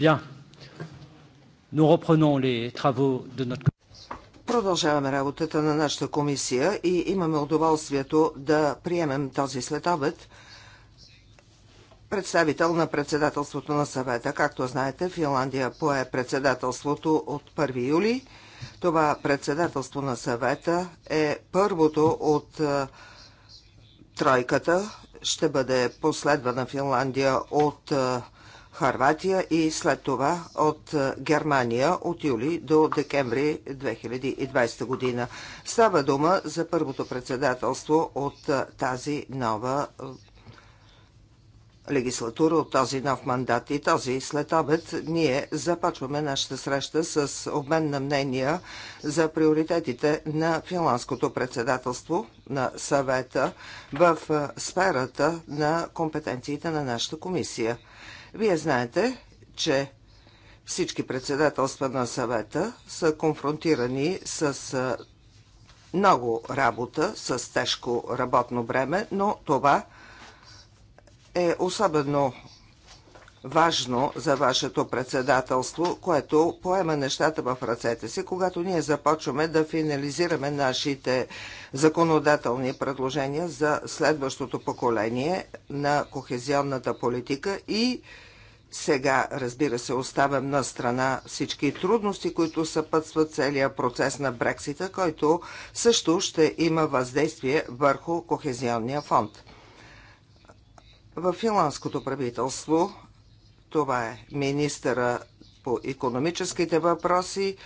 Bien. Nous reprenons les travaux de notre Продължаваме работата на нашата комисия и имаме удоволствието да приемем този следобед представител на председателството на съвета. Както знаете, Финландия пое председателството от 1 юли. Това председателство на съвета е първото от е, тройката. Ще бъде последвана Финландия от е, Харватия и след това от е, Германия от юли до декември 2020 година. Става дума за първото председателство от е, тази нова е, легислатура, от този нов мандат. И този след обед ние започваме нашата среща с обмен на мнения за приоритетите на финландското председателство на съвета в сферата на компетенциите на нашата комисия – вие знаете, че всички председателства на съвета са конфронтирани с много работа, с тежко работно време, но това е особено важно за вашето председателство, което поема нещата в ръцете си, когато ние започваме да финализираме нашите законодателни предложения за следващото поколение на кохезионната политика и сега, разбира се, оставям на страна всички трудности, които съпътстват целия процес на Брексита, който също ще има въздействие върху Кохезионния фонд. В финландското правителство това е министъра по економическите въпроси,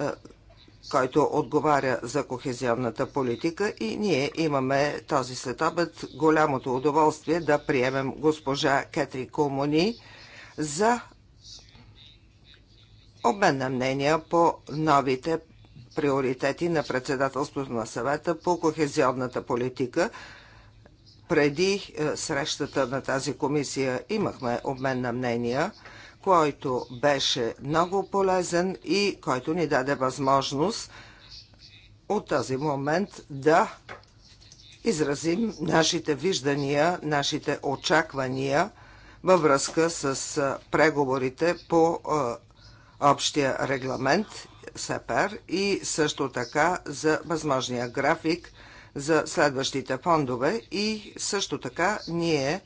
е, който отговаря за кохезионната политика и ние имаме този следобед голямото удоволствие да приемем госпожа Кетри Комуни за обмен на мнения по новите приоритети на председателството на съвета по кохезионната политика – преди е, срещата на тази комисия имахме обмен на мнения, който беше много полезен и който ни даде възможност от този момент да изразим нашите виждания, нашите очаквания във връзка с е, преговорите по е, общия регламент СЕПЕР и също така за възможния график за следващите фондове и също така ние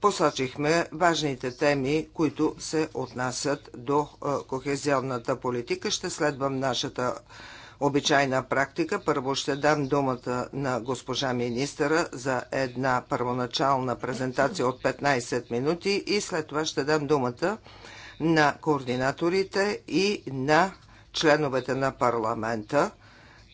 посочихме важните теми, които се отнасят до е, кохезионната политика. Ще следвам нашата обичайна практика. Първо ще дам думата на госпожа министъра за една първоначална презентация от 15 минути и след това ще дам думата на координаторите и на членовете на парламента.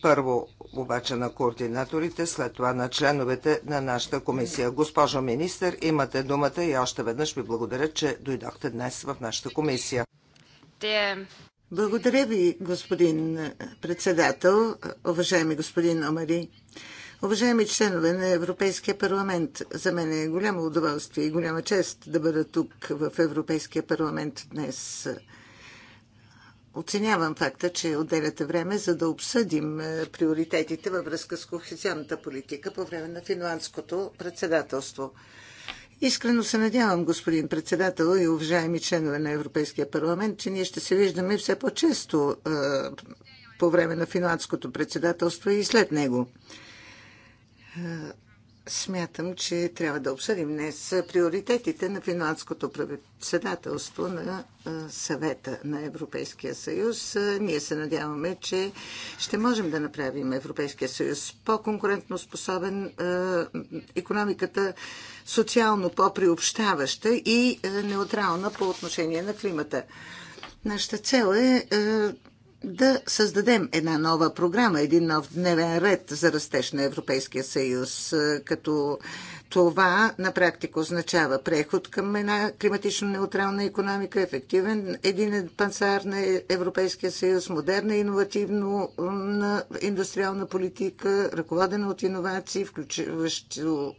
Първо обаче на координаторите, след това на членовете на нашата комисия. Госпожо министър, имате думата и още веднъж ви благодаря, че дойдохте днес в нашата комисия. Благодаря ви, господин председател, уважаеми господин Омари. Уважаеми членове на Европейския парламент, за мен е голямо удоволствие и голяма чест да бъда тук в Европейския парламент днес оценявам факта, че отделяте време, за да обсъдим е, приоритетите във връзка с кохезионната политика по време на финландското председателство. Искрено се надявам, господин председател и уважаеми членове на Европейския парламент, че ние ще се виждаме все по-често е, по време на финландското председателство и след него. Е, смятам, че трябва да обсъдим днес приоритетите на финландското председателство на съвета на Европейския съюз. Ние се надяваме, че ще можем да направим Европейския съюз по-конкурентно способен, економиката социално по-приобщаваща и неутрална по отношение на климата. Нашата цел е, е да създадем една нова програма, един нов дневен ред за растеж на Европейския съюз, е, като това на практика означава преход към една климатично неутрална економика, ефективен един пансар на Европейския съюз, модерна иновативно е, индустриална политика, ръководена от иновации, включващо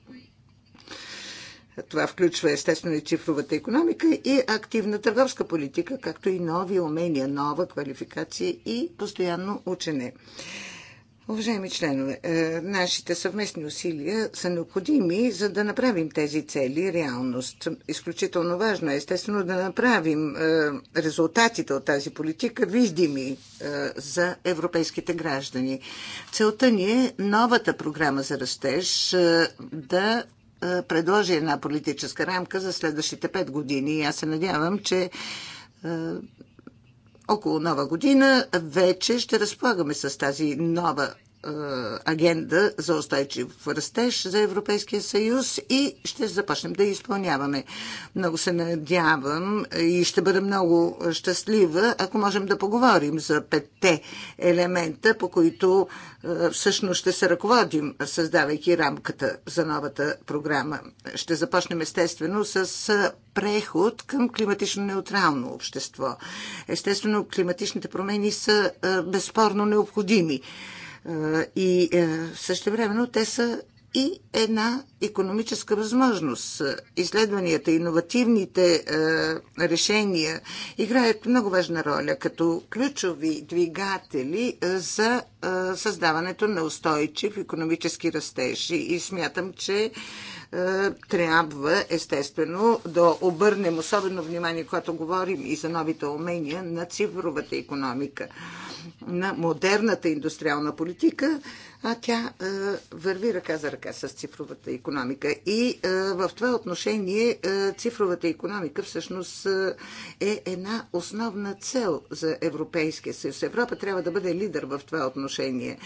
това включва естествено и цифровата економика и активна търговска политика, както и нови умения, нова квалификация и постоянно учене. Уважаеми членове, е, нашите съвместни усилия са необходими, за да направим тези цели реалност. Изключително важно е, естествено, да направим е, резултатите от тази политика видими е, за европейските граждани. Целта ни е новата програма за растеж да е, предложи една политическа рамка за следващите пет години. И аз се надявам, че е, около нова година вече ще разполагаме с тази нова е, агенда за устойчив растеж за Европейския съюз и ще започнем да изпълняваме. Много се надявам и ще бъда много щастлива, ако можем да поговорим за петте елемента, по които е, всъщност ще се ръководим, създавайки рамката за новата програма. Ще започнем естествено с е, преход към климатично неутрално общество. Естествено, климатичните промени са безспорно необходими. И е, също времено те са и една економическа възможност. Изследванията, иновативните е, решения играят много важна роля като ключови двигатели е, за създаването на устойчив економически растеж. И смятам, че трябва, естествено, да обърнем особено внимание, когато говорим и за новите умения на цифровата економика на модерната индустриална политика, а тя е, върви ръка за ръка с цифровата економика. И е, в това отношение е, цифровата економика всъщност е, е една основна цел за Европейския съюз. Европа трябва да бъде лидер в това отношение. Е,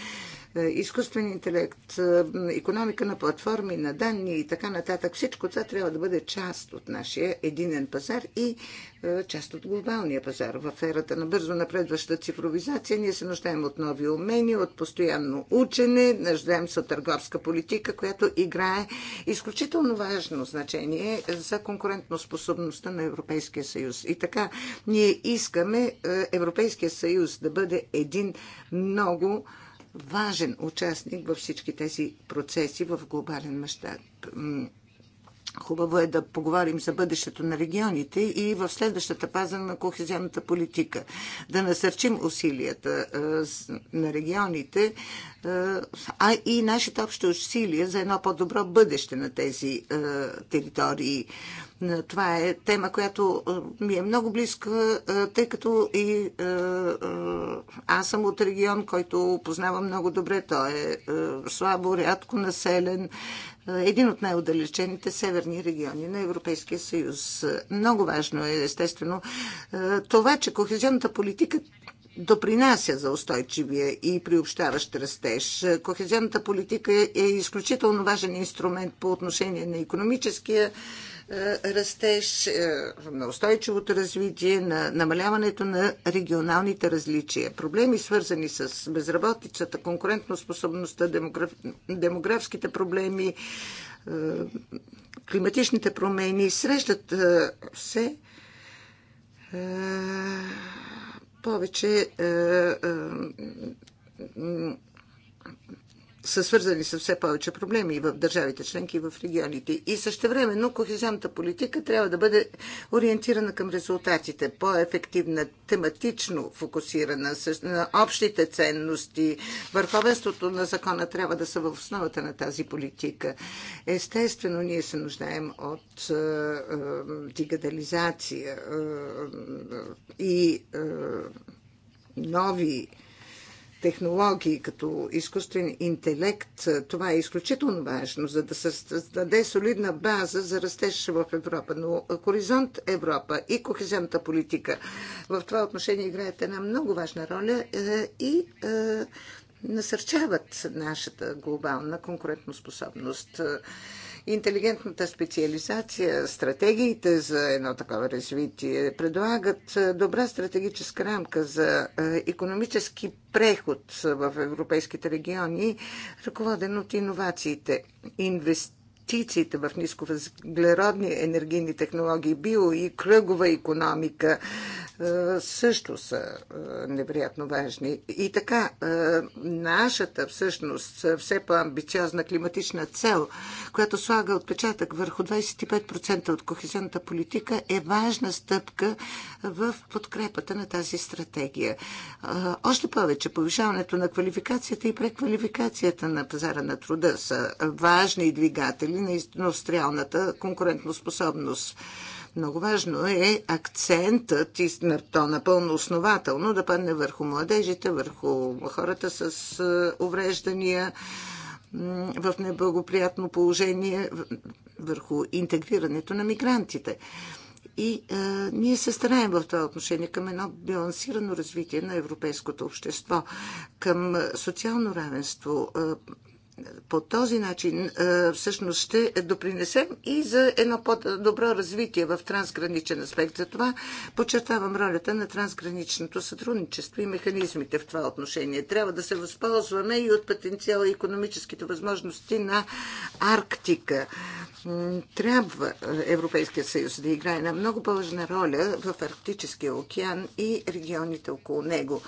е, изкуствен интелект, е, економика на платформи, на данни и така нататък. Всичко това трябва да бъде част от нашия единен пазар и е, част от глобалния пазар. В ерата на бързо напредваща цифровизация ние се нуждаем от нови умения, от постоянно учене, нуждаем се от търговска политика, която играе изключително важно значение за конкурентоспособността на Европейския съюз. И така, ние искаме Европейския съюз да бъде един много важен участник във всички тези процеси в глобален мащаб. Хубаво е да поговорим за бъдещето на регионите и в следващата паза на кохезионната политика. Да насърчим усилията на регионите, а и нашите общи усилия за едно по-добро бъдеще на тези територии. Това е тема, която ми е много близка, тъй като и аз съм от регион, който познавам много добре. Той е слабо, рядко населен, един от най-отдалечените северни региони на Европейския съюз. Много важно е, естествено, е, това, че кохезионната политика допринася за устойчивия и приобщаващ растеж. Кохезионната политика е изключително важен инструмент по отношение на економическия е, растеж, е, на устойчивото развитие, на намаляването на регионалните различия. Проблеми свързани с безработицата, конкурентноспособността, демограф... демографските проблеми, е, климатичните промени срещат все повече са свързани с все повече проблеми и в държавите членки и в регионите. И но кохезионната политика трябва да бъде ориентирана към резултатите, по-ефективна, тематично фокусирана, на общите ценности. Върховенството на закона трябва да са в основата на тази политика. Естествено, ние се нуждаем от е, е дигитализация е, е, и е, нови технологии, като изкуствен интелект. Това е изключително важно, за да се създаде солидна база за растеж в Европа. Но Хоризонт Европа и кохезионната политика в това отношение играят една много важна роля е, и е, насърчават нашата глобална конкурентоспособност. способност. Интелигентната специализация, стратегиите за едно такова развитие предлагат е, добра стратегическа рамка за економически преход в европейските региони, ръководен от иновациите. инвестиции инвестициите в нисковъзглеродни енергийни технологии, био и кръгова економика е, също са е, невероятно важни. И така, е, нашата всъщност все по-амбициозна климатична цел, която слага отпечатък върху 25% от кохезионната политика, е важна стъпка в подкрепата на тази стратегия. Още повече, повишаването на квалификацията и преквалификацията на пазара на труда са важни двигатели на индустриалната конкурентоспособност. Много важно е акцентът и то напълно основателно да падне върху младежите, върху хората с е, увреждания в неблагоприятно положение, върху интегрирането на мигрантите. И е, ние се стараем в това отношение към едно балансирано развитие на европейското общество, към социално равенство, е, по този начин е, всъщност ще допринесем и за едно по-добро развитие в трансграничен аспект. Затова подчертавам ролята на трансграничното сътрудничество и механизмите в това отношение. Трябва да се възползваме и от потенциала и економическите възможности на Арктика. Трябва Европейския съюз да играе една много по-важна роля в Арктическия океан и регионите около него.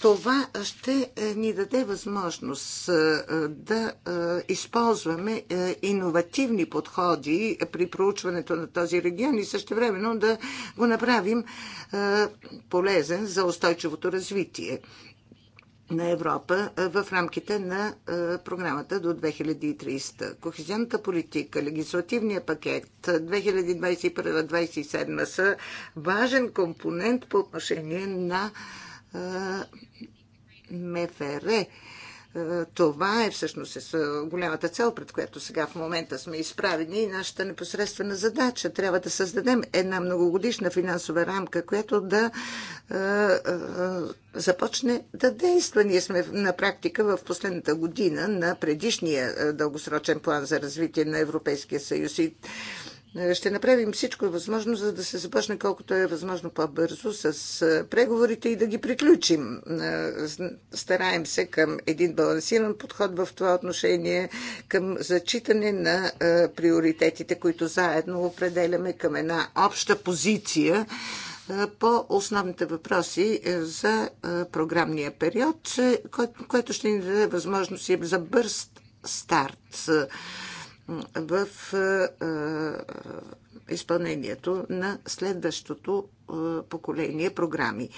Това ще е, ни даде възможност е, да е, използваме е, иновативни подходи при проучването на този регион и също времено да го направим е, полезен за устойчивото развитие на Европа в рамките на програмата до 2300. Кохезионната политика, легислативния пакет 2021-2027 са важен компонент по отношение на МФР това е всъщност е е, голямата цел, пред която сега в момента сме изправени и нашата непосредствена задача. Трябва да създадем една многогодишна финансова рамка, която да е, започне да действа. Ние сме на практика в последната година на предишния дългосрочен план за развитие на Европейския съюз и ще направим всичко възможно, за да се започне колкото е възможно по-бързо с преговорите и да ги приключим. Стараем се към един балансиран подход в това отношение, към зачитане на приоритетите, които заедно определяме към една обща позиция по основните въпроси за програмния период, което ще ни даде възможност за бърз старт в изпълнението на следващото е, поколение програми.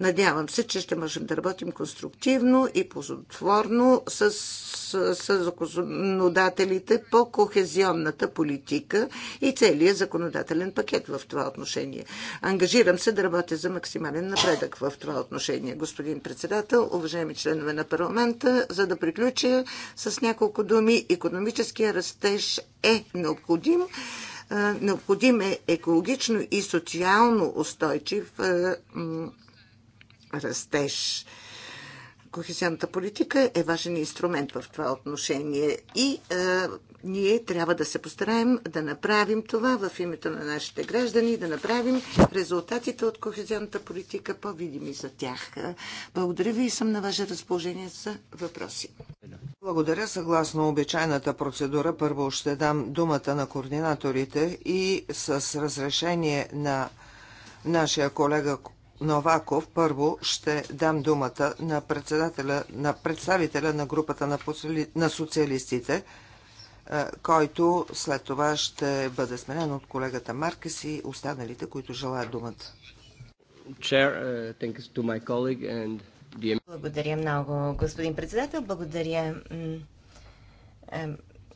Надявам се, че ще можем да работим конструктивно и позотворно с, с, с законодателите по кохезионната политика и целият законодателен пакет в това отношение. Ангажирам се да работя за максимален напредък в това отношение, господин председател, уважаеми членове на парламента, за да приключа с няколко думи. Економическия растеж е необходим Необходим е екологично и социално устойчив растеж. Кохезионната политика е важен инструмент в това отношение и ние трябва да се постараем да направим това в името на нашите граждани, да направим резултатите от кохезионната политика по-видими за тях. Благодаря ви и съм на ваше разположение за въпроси. Благодаря. Съгласно обичайната процедура, първо ще дам думата на координаторите и с разрешение на нашия колега Новаков, първо ще дам думата на, председателя, на представителя на групата на, на социалистите – който след това ще бъде сменен от колегата Маркес и останалите, които желаят думата. Uh, Благодаря много, господин председател. Благодаря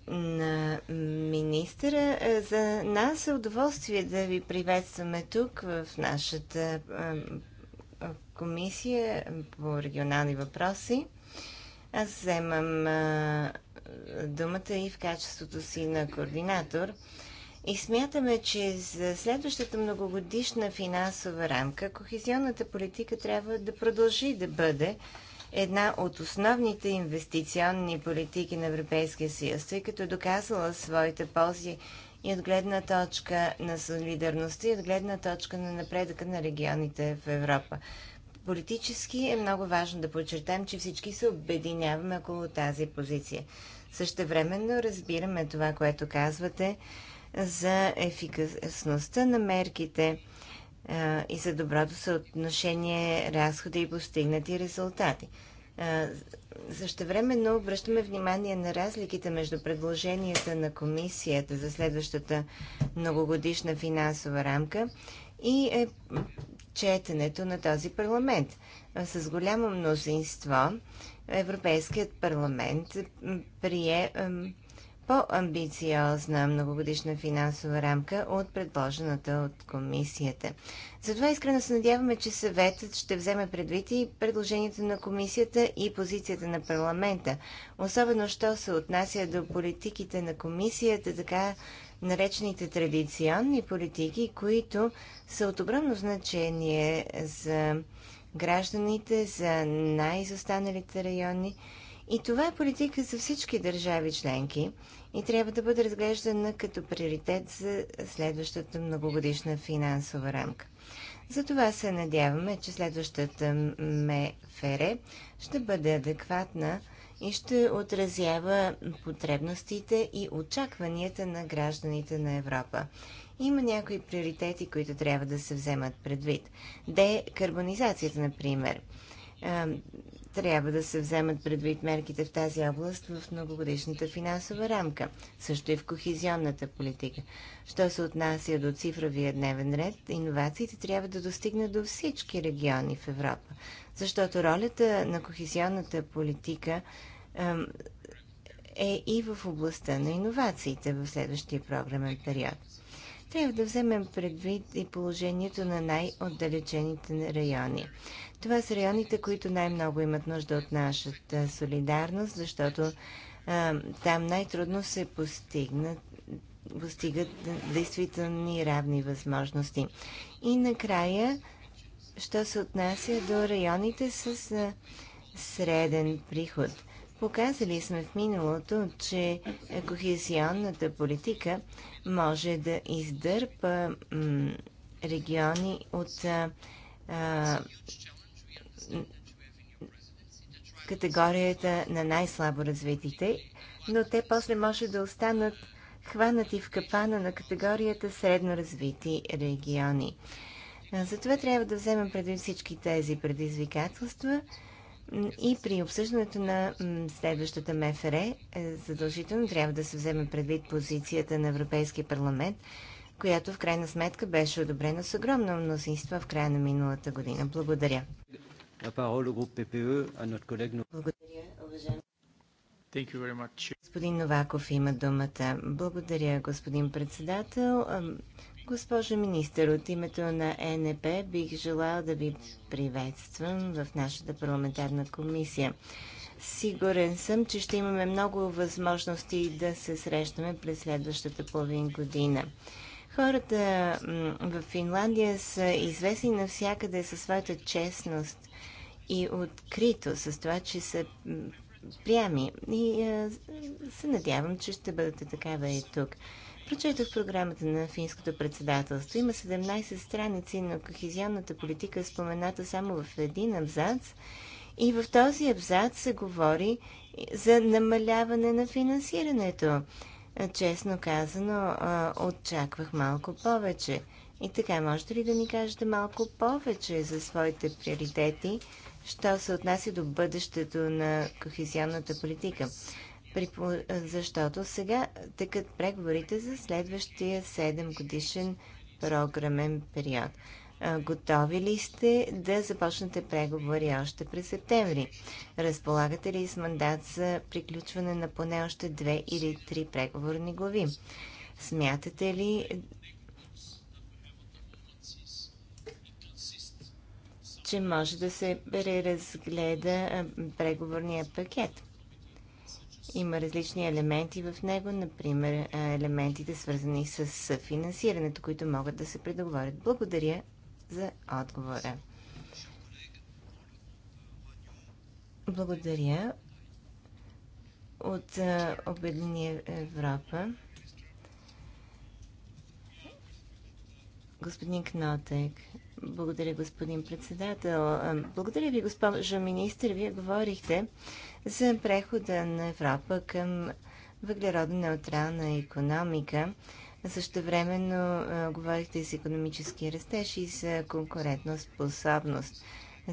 на министъра. Е, за нас е удоволствие да ви приветстваме тук в нашата е, комисия по регионални въпроси. Аз вземам е, думата и в качеството си на координатор. И смятаме, че за следващата многогодишна финансова рамка кохезионната политика трябва да продължи да бъде една от основните инвестиционни политики на Европейския съюз, тъй като е доказала своите ползи и от гледна точка на солидарността и от гледна точка на напредъка на регионите в Европа. Политически е много важно да подчертаем, че всички се обединяваме около тази позиция. Същевременно разбираме това, което казвате за ефикасността на мерките а, и за доброто съотношение разходи и постигнати резултати. Същевременно обръщаме внимание на разликите между предложенията на комисията за следващата многогодишна финансова рамка и е, четенето на този парламент. С голямо мнозинство Европейският парламент прие по-амбициозна многогодишна финансова рамка от предложената от комисията. Затова искрено се надяваме, че съветът ще вземе предвид и предложението на комисията и позицията на парламента, особено що се отнася до политиките на комисията, така наречените традиционни политики, които са от огромно значение за гражданите, за най-изостаналите райони. И това е политика за всички държави членки и трябва да бъде разглеждана като приоритет за следващата многогодишна финансова рамка. Затова се надяваме, че следващата МФР ще бъде адекватна и ще отразява потребностите и очакванията на гражданите на Европа има някои приоритети, които трябва да се вземат предвид. Декарбонизацията, например. Трябва да се вземат предвид мерките в тази област в многогодишната финансова рамка, също и в кохезионната политика. Що се отнася до цифровия дневен ред, иновациите трябва да достигнат до всички региони в Европа, защото ролята на кохезионната политика е и в областта на иновациите в следващия програмен период трябва да вземем предвид и положението на най-отдалечените райони. Това са районите, които най-много имат нужда от нашата солидарност, защото а, там най-трудно се постигнат постигат действителни равни възможности. И накрая, що се отнася до районите с а, среден приход – Показали сме в миналото, че кохезионната политика може да издърпа региони от а, категорията на най-слабо развитите, но те после може да останат хванати в капана на категорията средно развити региони. Затова трябва да вземем преди всички тези предизвикателства – и при обсъждането на следващата МФР е, задължително трябва да се вземе предвид позицията на Европейския парламент, която в крайна сметка беше одобрена с огромно мнозинство в края на миналата година. Благодаря. E, Благодаря, уважаем. Господин Новаков има думата. Благодаря, господин председател. Госпожо министър, от името на ЕНП бих желал да ви приветствам в нашата парламентарна комисия. Сигурен съм, че ще имаме много възможности да се срещаме през следващата половин година. Хората в Финландия са известни навсякъде със своята честност и открито, с това, че са прями. И се надявам, че ще бъдете такава и тук. Прочетох програмата на финското председателство. Има 17 страници на кохезионната политика, е спомената само в един абзац. И в този абзац се говори за намаляване на финансирането. Честно казано, очаквах малко повече. И така, можете ли да ни кажете малко повече за своите приоритети, що се отнася до бъдещето на кохезионната политика? защото сега текат преговорите за следващия 7 годишен програмен период. Готови ли сте да започнете преговори още през септември? Разполагате ли с мандат за приключване на поне още две или три преговорни глави? Смятате ли че може да се преразгледа преговорния пакет? Има различни елементи в него, например е, елементите свързани с финансирането, които могат да се предоговорят. Благодаря за отговора. Благодаря от е, Обединена Европа. Господин Кнотек, благодаря господин председател. Е, благодаря ви, госпожо министр. Вие говорихте за прехода на Европа към въглеродно-неутрална економика. Също времено говорихте и за економически растеж и за конкурентна способност.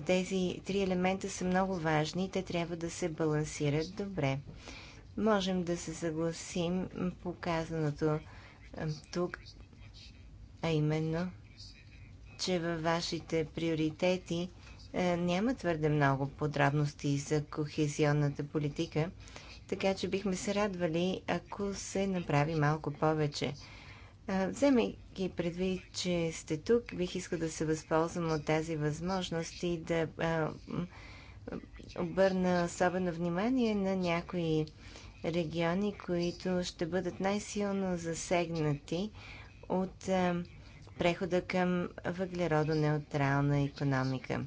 Тези три елемента са много важни и те трябва да се балансират добре. Можем да се съгласим по казаното тук, а именно, че във вашите приоритети е, няма твърде много подробности за кохезионната политика, така че бихме се радвали, ако се направи малко повече. Е, Вземайки предвид, че сте тук, бих искал да се възползвам от тази възможност и да а, е, обърна особено внимание на някои региони, които ще бъдат най-силно засегнати от а, прехода към въглеродонеутрална економика.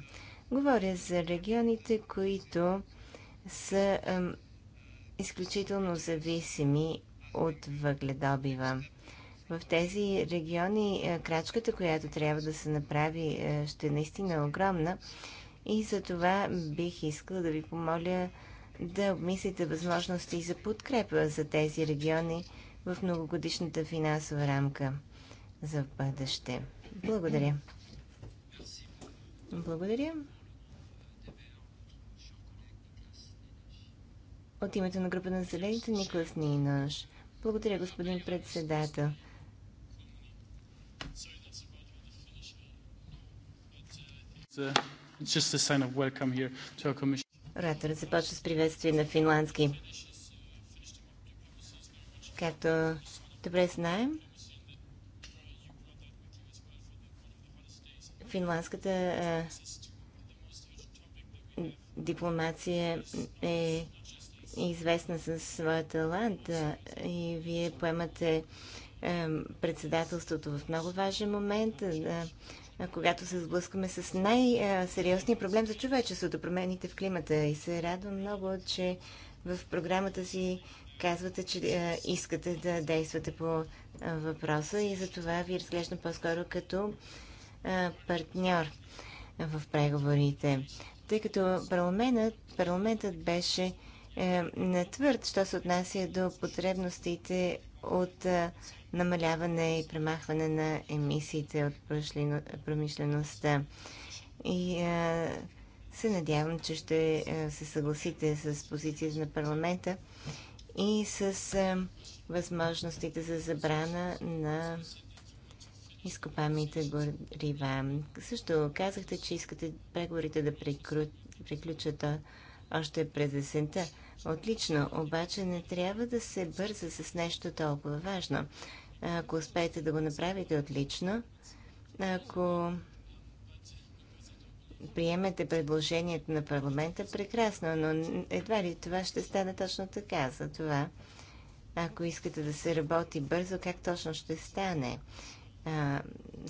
Говоря за регионите, които са ам, изключително зависими от въгледобива. В тези региони крачката, която трябва да се направи, ще е наистина огромна. И за това бих искала да ви помоля да обмислите възможности за подкрепа за тези региони в многогодишната финансова рамка за бъдеще. Благодаря. Благодаря. От името на група на зелените Николас Нинаш. Благодаря, господин председател. Ораторът започва с приветствие на финландски. Както добре знаем, финландската дипломация е известна със своя талант и вие поемате председателството в много важен момент, когато се сблъскаме с най-сериозния проблем за човечеството, промените в климата. И се радвам много, че в програмата си казвате, че е, искате да действате по е, въпроса и за това ви разглеждам по-скоро като е, партньор в преговорите. Тъй като парламентът, парламентът беше е, на твърд, що се отнася до потребностите от е, намаляване и премахване на емисиите от промишлеността. И е, се надявам, че ще е, се съгласите с позицията на парламента и с е, възможностите за забрана на изкопамите горива. Също казахте, че искате преговорите да приключат още през есента. Отлично, обаче не трябва да се бърза с нещо толкова важно. Ако успеете да го направите отлично, ако приемете предложението на парламента, прекрасно, но едва ли това ще стане точно така. За това, ако искате да се работи бързо, как точно ще стане?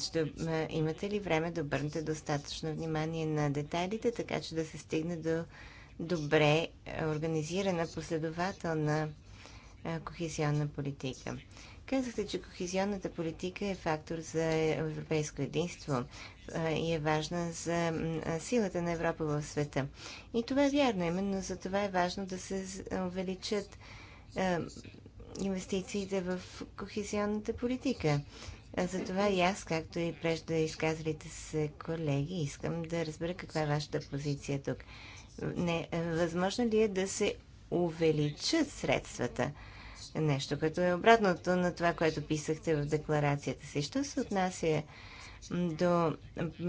ще, имате ли време да обърнете достатъчно внимание на детайлите, така че да се стигне до добре е, организирана, последователна е, кохезионна политика. Казахте, че кохезионната политика е фактор за европейско единство е, и е важна за силата на Европа в света. И това е вярно, именно за това е важно да се увеличат инвестициите в кохезионната политика. Затова и аз, както и прежда изказалите се колеги, искам да разбера каква е вашата позиция тук. Не, е, възможно ли е да се увеличат средствата? Нещо, като е обратното на това, което писахте в декларацията си. Що се отнася до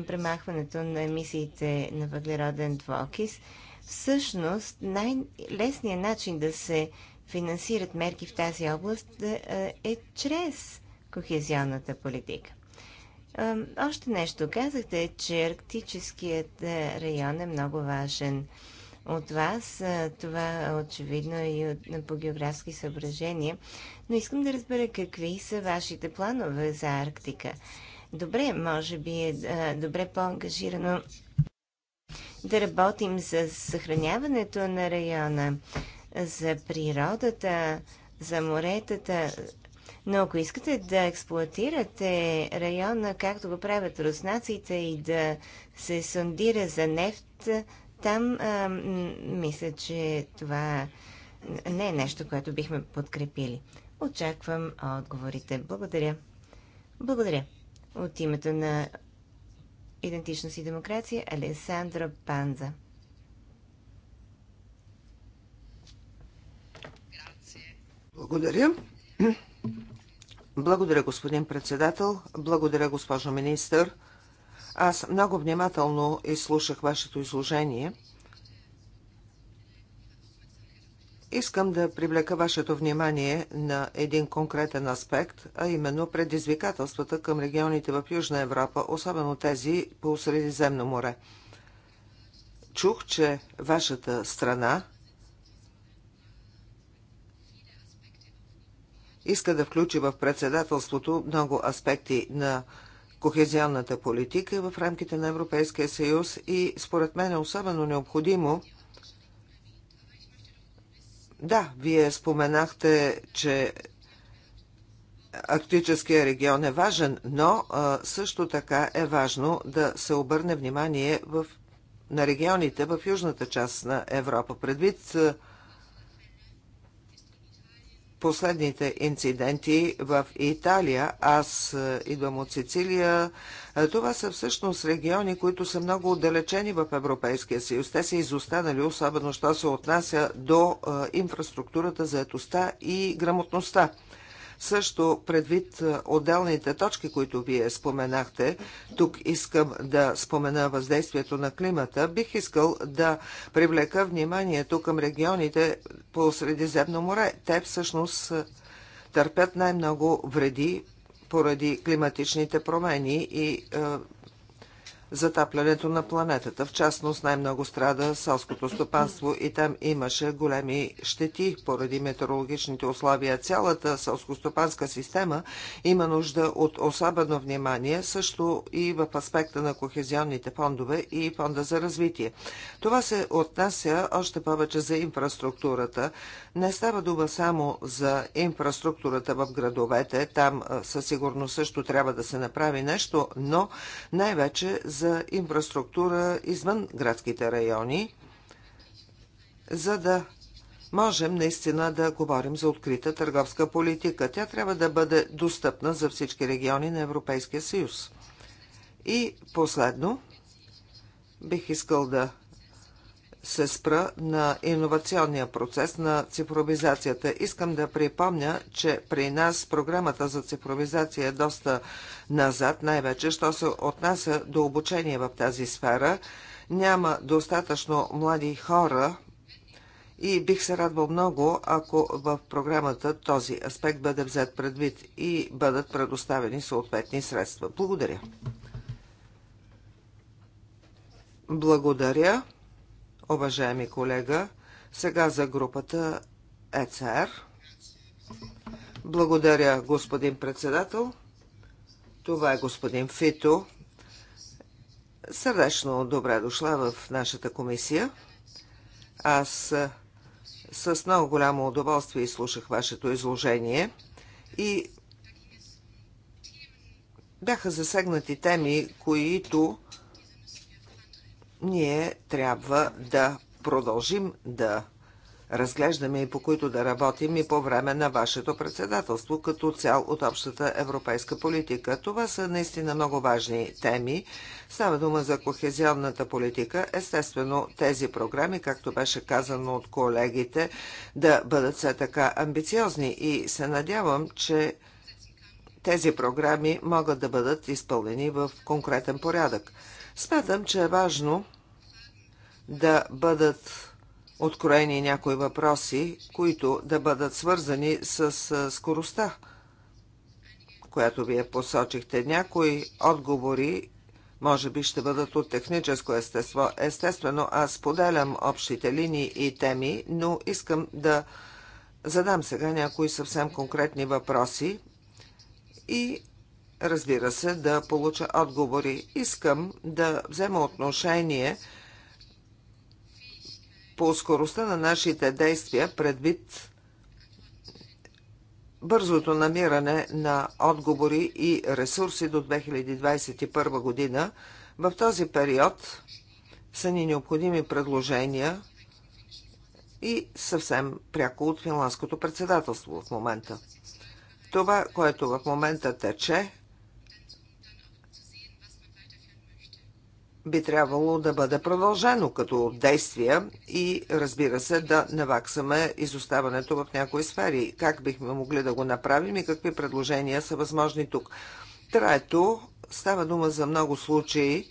премахването на емисиите на въглероден двокис, всъщност най-лесният начин да се финансират мерки в тази област е, е чрез кохезионната политика. Още нещо. Казахте, че арктическият е, район е много важен от вас. Е, това е очевидно и по географски съображения. Но искам да разбера какви са вашите планове за Арктика. Добре, може би е добре по-ангажирано да работим за съхраняването на района, за природата, за моретата, но ако искате да експлуатирате района, както го правят руснаците и да се сондира за нефт, там а, мисля, че това не е нещо, което бихме подкрепили. Очаквам отговорите. Благодаря. Благодаря. От името на Идентичност и демокрация Алесандро Панза. Благодаря. Благодаря, господин председател. Благодаря, госпожо министър. Аз много внимателно изслушах вашето изложение. Искам да привлека вашето внимание на един конкретен аспект, а именно предизвикателствата към регионите в Южна Европа, особено тези по Средиземно море. Чух, че вашата страна иска да включи в председателството много аспекти на кохезионната политика в рамките на Европейския съюз и според мен е особено необходимо да, вие споменахте, че Арктическия регион е важен, но също така е важно да се обърне внимание в, на регионите в южната част на Европа. Предвид последните инциденти в Италия. Аз е, идвам от Сицилия. Е, това са всъщност региони, които са много отдалечени в Европейския съюз. Те са изостанали, особено що се отнася до е, инфраструктурата, заетостта и грамотността. Също предвид отделните точки, които вие споменахте, тук искам да спомена въздействието на климата, бих искал да привлека вниманието към регионите по Средиземно море. Те всъщност търпят най-много вреди поради климатичните промени и затаплянето на планетата. В частност най-много страда селското стопанство и там имаше големи щети поради метеорологичните условия. Цялата селскостопанска система има нужда от особено внимание, също и в аспекта на кохезионните фондове и фонда за развитие. Това се отнася още повече за инфраструктурата. Не става дума само за инфраструктурата в градовете, там със сигурност също трябва да се направи нещо, но най-вече за за инфраструктура извън градските райони, за да можем наистина да говорим за открита търговска политика. Тя трябва да бъде достъпна за всички региони на Европейския съюз. И последно, бих искал да се спра на иновационния процес на цифровизацията. Искам да припомня, че при нас програмата за цифровизация е доста назад, най-вече, що се отнася до обучение в тази сфера. Няма достатъчно млади хора и бих се радвал много, ако в програмата този аспект бъде взет предвид и бъдат предоставени съответни средства. Благодаря. Благодаря уважаеми колега. Сега за групата ЕЦР. Благодаря, господин председател. Това е господин Фито. Сърдечно добре дошла в нашата комисия. Аз с много голямо удоволствие изслушах вашето изложение и бяха засегнати теми, които ние трябва да продължим да разглеждаме и по които да работим и по време на вашето председателство като цял от общата европейска политика. Това са наистина много важни теми. Става дума за кохезионната политика. Естествено, тези програми, както беше казано от колегите, да бъдат все така амбициозни и се надявам, че тези програми могат да бъдат изпълнени в конкретен порядък. Смятам, че е важно да бъдат откроени някои въпроси, които да бъдат свързани с скоростта, която вие посочихте. Някои отговори може би ще бъдат от техническо естество. Естествено, аз поделям общите линии и теми, но искам да задам сега някои съвсем конкретни въпроси и разбира се, да получа отговори. Искам да взема отношение по скоростта на нашите действия предвид бързото намиране на отговори и ресурси до 2021 година. В този период са ни необходими предложения и съвсем пряко от финландското председателство в момента. Това, което в момента тече, би трябвало да бъде продължено като действия и разбира се да наваксаме изоставането в някои сфери. Как бихме могли да го направим и какви предложения са възможни тук? Трето, става дума за много случаи,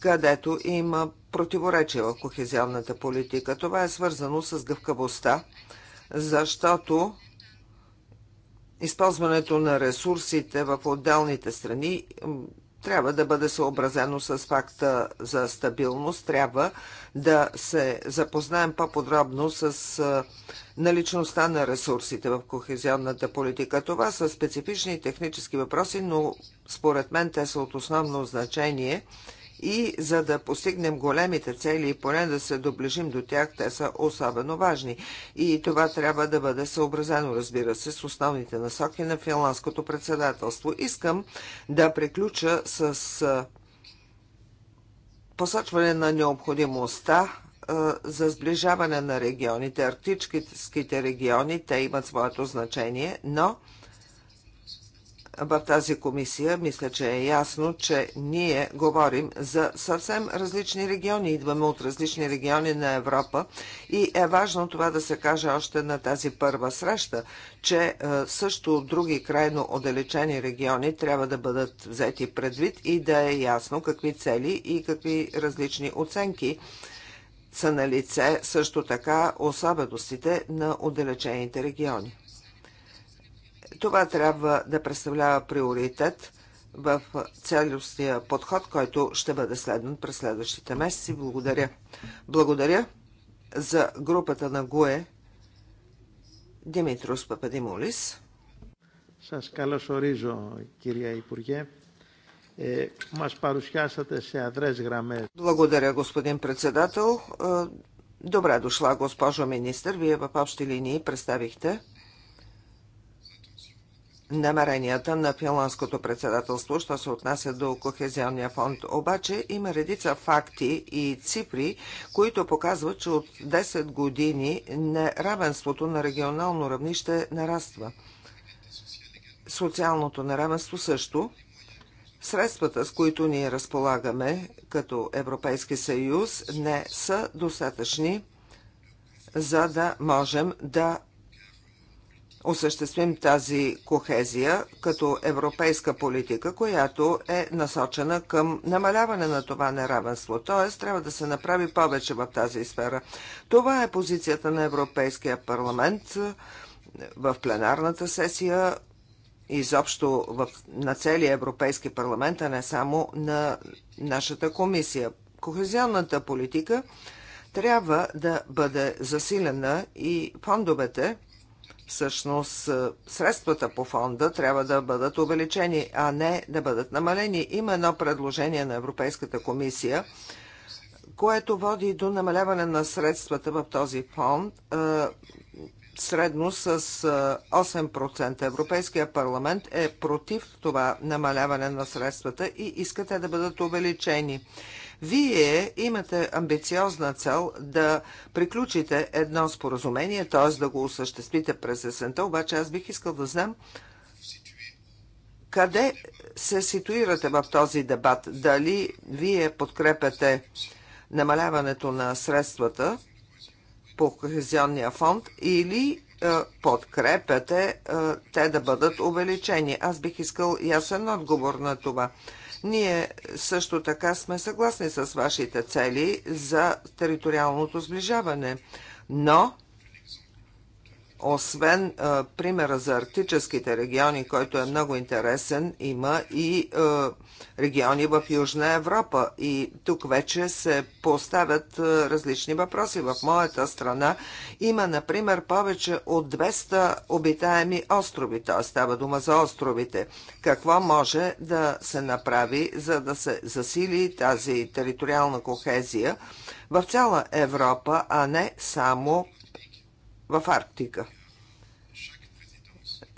където има противоречие в кохезионната политика. Това е свързано с гъвкавостта, защото използването на ресурсите в отделните страни трябва да бъде съобразено с факта за стабилност. Трябва да се запознаем по-подробно с наличността на ресурсите в кохезионната политика. Това са специфични технически въпроси, но според мен те са от основно значение – и за да постигнем големите цели и поне да се доближим до тях, те са особено важни. И това трябва да бъде съобразено, разбира се, с основните насоки на финландското председателство. Искам да приключа с посочване на необходимостта за сближаване на регионите. Арктическите региони, те имат своето значение, но в тази комисия, мисля, че е ясно, че ние говорим за съвсем различни региони. Идваме от различни региони на Европа и е важно това да се каже още на тази първа среща, че е, също други крайно отдалечени региони трябва да бъдат взети предвид и да е ясно какви цели и какви различни оценки са на лице също така особеностите на отдалечените региони това трябва да представлява приоритет в целостния подход, който ще бъде следван през следващите месеци. Благодаря. Благодаря за групата на ГУЕ Димитрос Пападимулис. κυρία Υπουργέ. μας παρουσιάσατε σε αδρές γραμμές. Благодаря, господин председател. Е, добре дошла, госпожо министр. Вие в общи линии представихте намеренията на финландското председателство, що се отнася до Кохезионния фонд. Обаче има редица факти и цифри, които показват, че от 10 години неравенството на регионално равнище нараства. Социалното неравенство също. Средствата, с които ние разполагаме като Европейски съюз, не са достатъчни, за да можем да осъществим тази кохезия като европейска политика, която е насочена към намаляване на това неравенство. Т.е. трябва да се направи повече в тази сфера. Това е позицията на Европейския парламент е, в пленарната сесия, изобщо в, на целия Европейски парламент, а не само на нашата комисия. Кохезионната политика трябва да бъде засилена и фондовете, всъщност е, средствата по фонда трябва да бъдат увеличени, а не да бъдат намалени. Има едно предложение на Европейската комисия, което води до намаляване на средствата в този фонд е, средно с 8%. Е, Европейския парламент е против това намаляване на средствата и искате да бъдат увеличени. Вие имате амбициозна цел да приключите едно споразумение, т.е. да го осъществите през есента, обаче аз бих искал да знам къде се ситуирате в този дебат. Дали вие подкрепяте намаляването на средствата по Кохезионния фонд или е, подкрепяте е, те да бъдат увеличени. Аз бих искал ясен отговор на това. Ние също така сме съгласни с вашите цели за териториалното сближаване, но освен а, примера за арктическите региони, който е много интересен, има и а, региони в Южна Европа. И тук вече се поставят а, различни въпроси. В моята страна има, например, повече от 200 обитаеми острови, т.е. става дума за островите. Какво може да се направи, за да се засили тази териториална кохезия в цяла Европа, а не само в Арктика.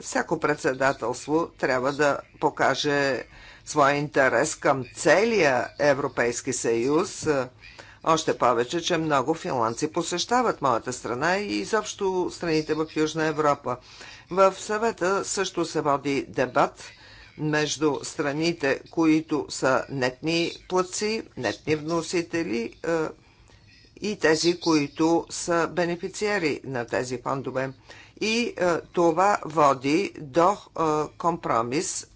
Всяко председателство трябва да покаже своя интерес към целия Европейски съюз, още повече, че много финландци посещават моята страна и изобщо страните в Южна Европа. В съвета също се води дебат между страните, които са нетни плъци, нетни вносители, е, и тези, които са бенефициери на тези фондове. И е, това води до е, компромис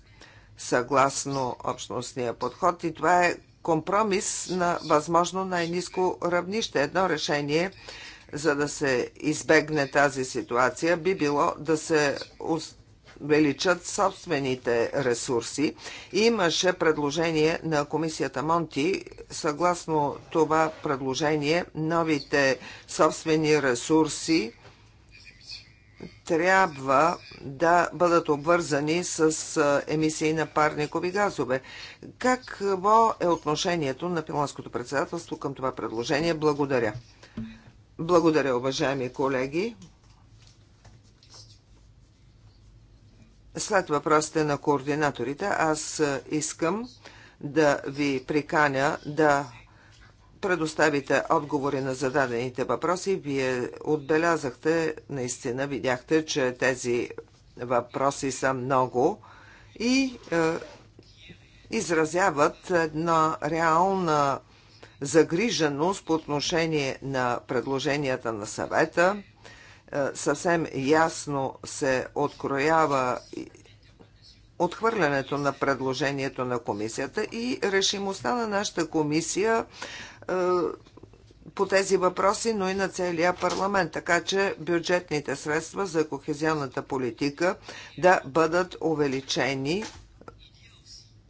съгласно общностния подход и това е компромис на възможно най-низко равнище. Едно решение, за да се избегне тази ситуация, би било да се увеличат собствените ресурси. Имаше предложение на комисията Монти. Съгласно това предложение, новите собствени ресурси трябва да бъдат обвързани с емисии на парникови газове. Какво е отношението на Пиланското председателство към това предложение? Благодаря. Благодаря, уважаеми колеги. След въпросите на координаторите, аз искам да ви приканя да предоставите отговори на зададените въпроси. Вие отбелязахте, наистина видяхте, че тези въпроси са много и е, изразяват една реална загриженост по отношение на предложенията на съвета е, съвсем ясно се откроява отхвърлянето на предложението на комисията и решимостта на нашата комисия е, по тези въпроси, но и на целия парламент. Така че бюджетните средства за кохезионната политика да бъдат увеличени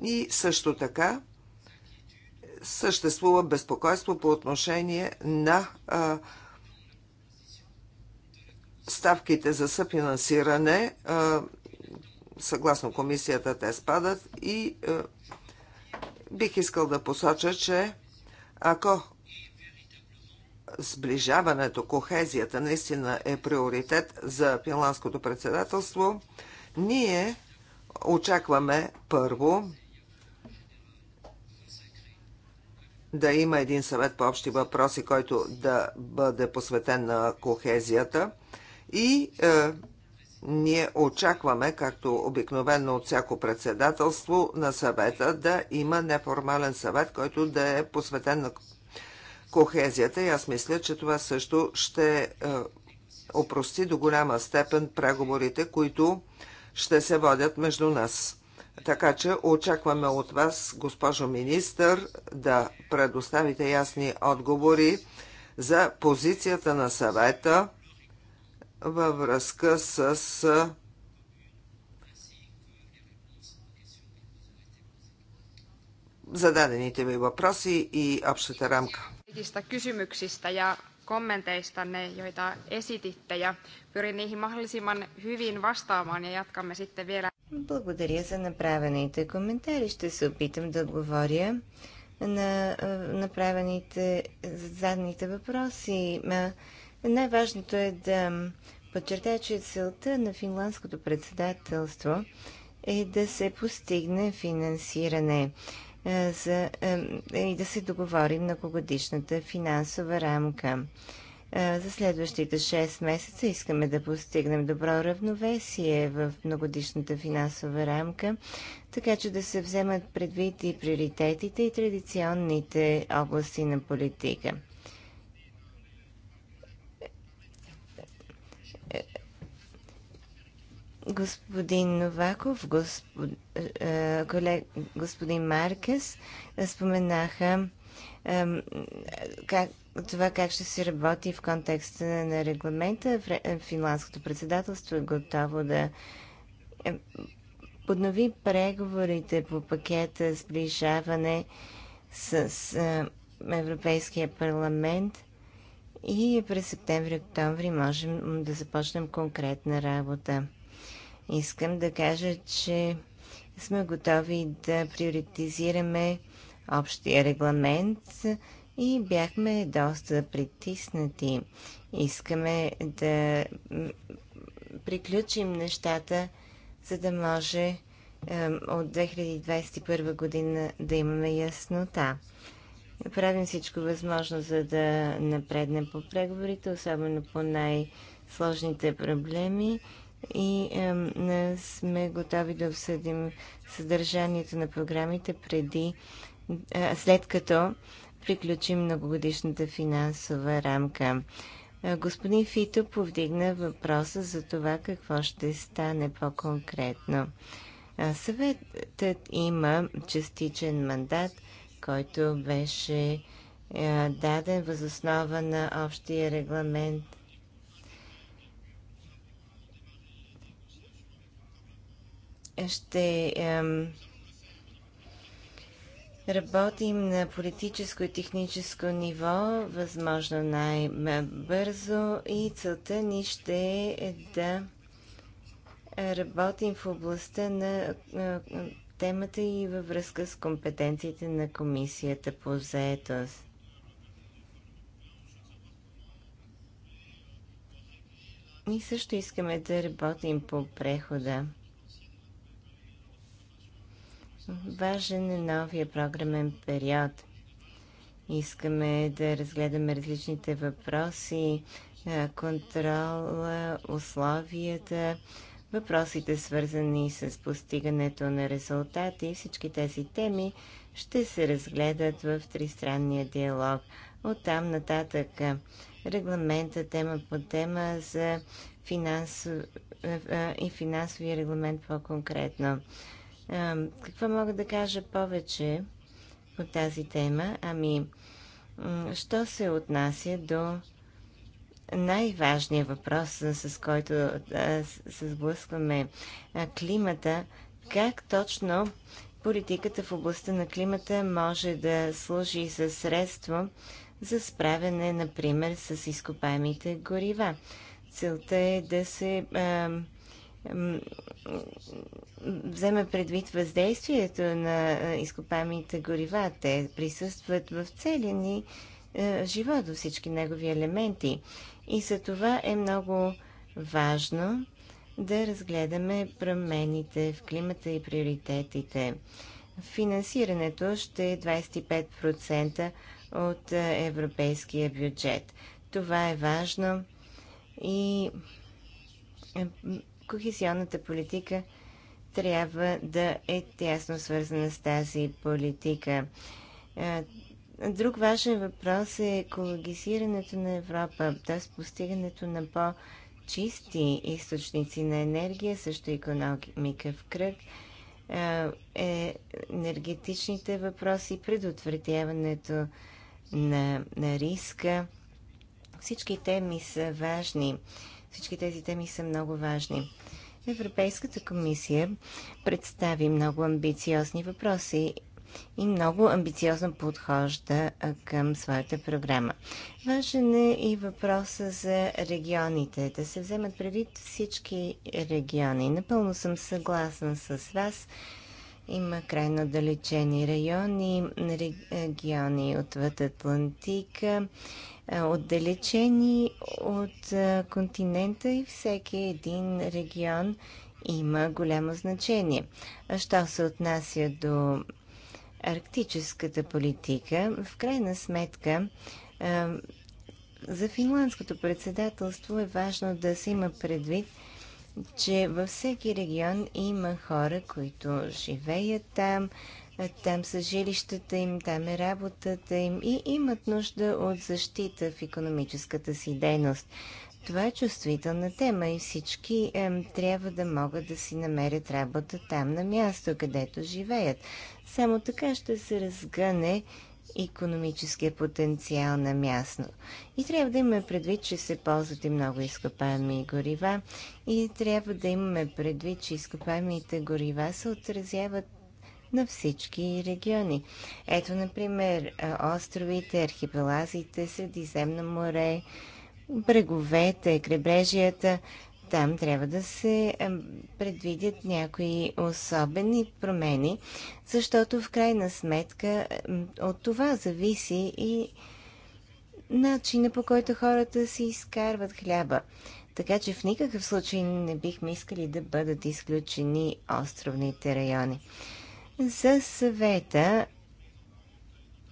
и също така съществува безпокойство по отношение на а, ставките за съфинансиране, съгласно комисията, те спадат и бих искал да посоча, че ако сближаването, кохезията наистина е приоритет за финландското председателство, ние очакваме първо да има един съвет по общи въпроси, който да бъде посветен на кохезията – и е, ние очакваме, както обикновено от всяко председателство на съвета, да има неформален съвет, който да е посветен на кохезията и аз мисля, че това също ще е, опрости до голяма степен преговорите, които ще се водят между нас. Така че очакваме от вас, госпожо министър, да предоставите ясни отговори за позицията на съвета във връзка с зададените ми въпроси и общата рамка. kommenteistanne, joita esititte ja pyrin niihin mahdollisimman hyvin vastaamaan ja jatkamme sitten vielä. Благодаря за направените коментари. Ще се опитам да отговоря на направените задните въпроси. Най-важното е да подчертая, че целта на финландското председателство е да се постигне финансиране е, за, е, е, и да се договори многогодишната финансова рамка. За следващите 6 месеца искаме да постигнем добро равновесие в многодишната финансова рамка, така че да се вземат предвид и приоритетите и традиционните области на политика. господин Новаков, господ, е, е, господин Маркес е, споменаха как, това как ще се работи в контекста на регламента. Финландското председателство е готово да поднови преговорите по пакета сближаване с Европейския парламент и през септември-октомври можем да започнем конкретна работа. Искам да кажа, че сме готови да приоритизираме общия регламент и бяхме доста притиснати. Искаме да приключим нещата, за да може от 2021 година да имаме яснота. Правим всичко възможно, за да напреднем по преговорите, особено по най-сложните проблеми и е, сме готови да обсъдим съдържанието на програмите преди, е, след като приключим многогодишната финансова рамка. Господин Фито повдигна въпроса за това какво ще стане по-конкретно. Съветът има частичен мандат, който беше е, даден възоснова на общия регламент ще ем, работим на политическо и техническо ниво, възможно най-бързо и целта ни ще е да работим в областта на е, темата и във връзка с компетенциите на Комисията по заетост. Ние също искаме да работим по прехода. Важен е новия програмен период. Искаме да разгледаме различните въпроси, контрола, условията, въпросите свързани с постигането на резултати. Всички тези теми ще се разгледат в тристранния диалог. Оттам нататък регламента тема по тема за финансов, и финансовия регламент по-конкретно. Какво мога да кажа повече по тази тема? Ами, що се отнася до най-важния въпрос, с който се сблъскваме климата, как точно политиката в областта на климата може да служи за средство за справяне, например, с изкопаемите горива. Целта е да се а, взема предвид въздействието на изкопамите горива. Те присъстват в целия ни живот, във всички негови елементи. И за това е много важно да разгледаме промените в климата и приоритетите. Финансирането ще е 25% от европейския бюджет. Това е важно и кохезионната политика трябва да е тясно свързана с тази политика. Е, друг важен въпрос е екологизирането на Европа, т.е. постигането на по-чисти източници на енергия, също економика в кръг, е, е енергетичните въпроси, предотвратяването на, на риска. Всички теми са важни. Всички тези теми са много важни. Европейската комисия представи много амбициозни въпроси и много амбициозно подхожда към своята програма. Важен е и въпроса за регионите, да се вземат преди всички региони. Напълно съм съгласна с вас. Има крайно отдалечени райони, региони отвъд Атлантика, е, отдалечени от е, континента и всеки един регион има голямо значение. А що се отнася до арктическата политика, в крайна сметка е, за финландското председателство е важно да се има предвид, че във всеки регион има хора, които живеят там, там са жилищата им, там е работата им и имат нужда от защита в економическата си дейност. Това е чувствителна тема и всички е, трябва да могат да си намерят работа там на място, където живеят. Само така ще се разгъне економическия потенциал на място. И трябва да имаме предвид, че се ползват и много изкопаеми горива и трябва да имаме предвид, че изкопаемите горива се отразяват на всички региони. Ето, например, островите, архипелазите, Средиземно море, бреговете, крайбрежията. Там трябва да се предвидят някои особени промени, защото в крайна сметка от това зависи и начина по който хората си изкарват хляба. Така че в никакъв случай не бихме искали да бъдат изключени островните райони. За съвета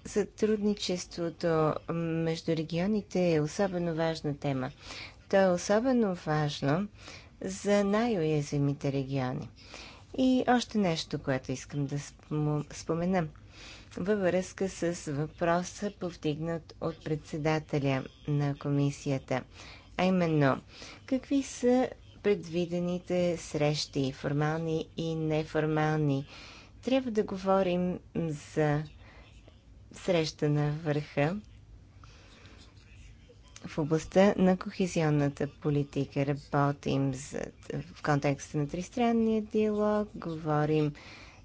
сътрудничеството между регионите е особено важна тема. То е особено важно за най-уязвимите региони. И още нещо, което искам да спомена. Във връзка с въпроса, повдигнат от председателя на комисията, а именно, какви са предвидените срещи, формални и неформални, трябва да говорим за среща на върха в областта на кохезионната политика. Работим за, в контекста на тристранния диалог, говорим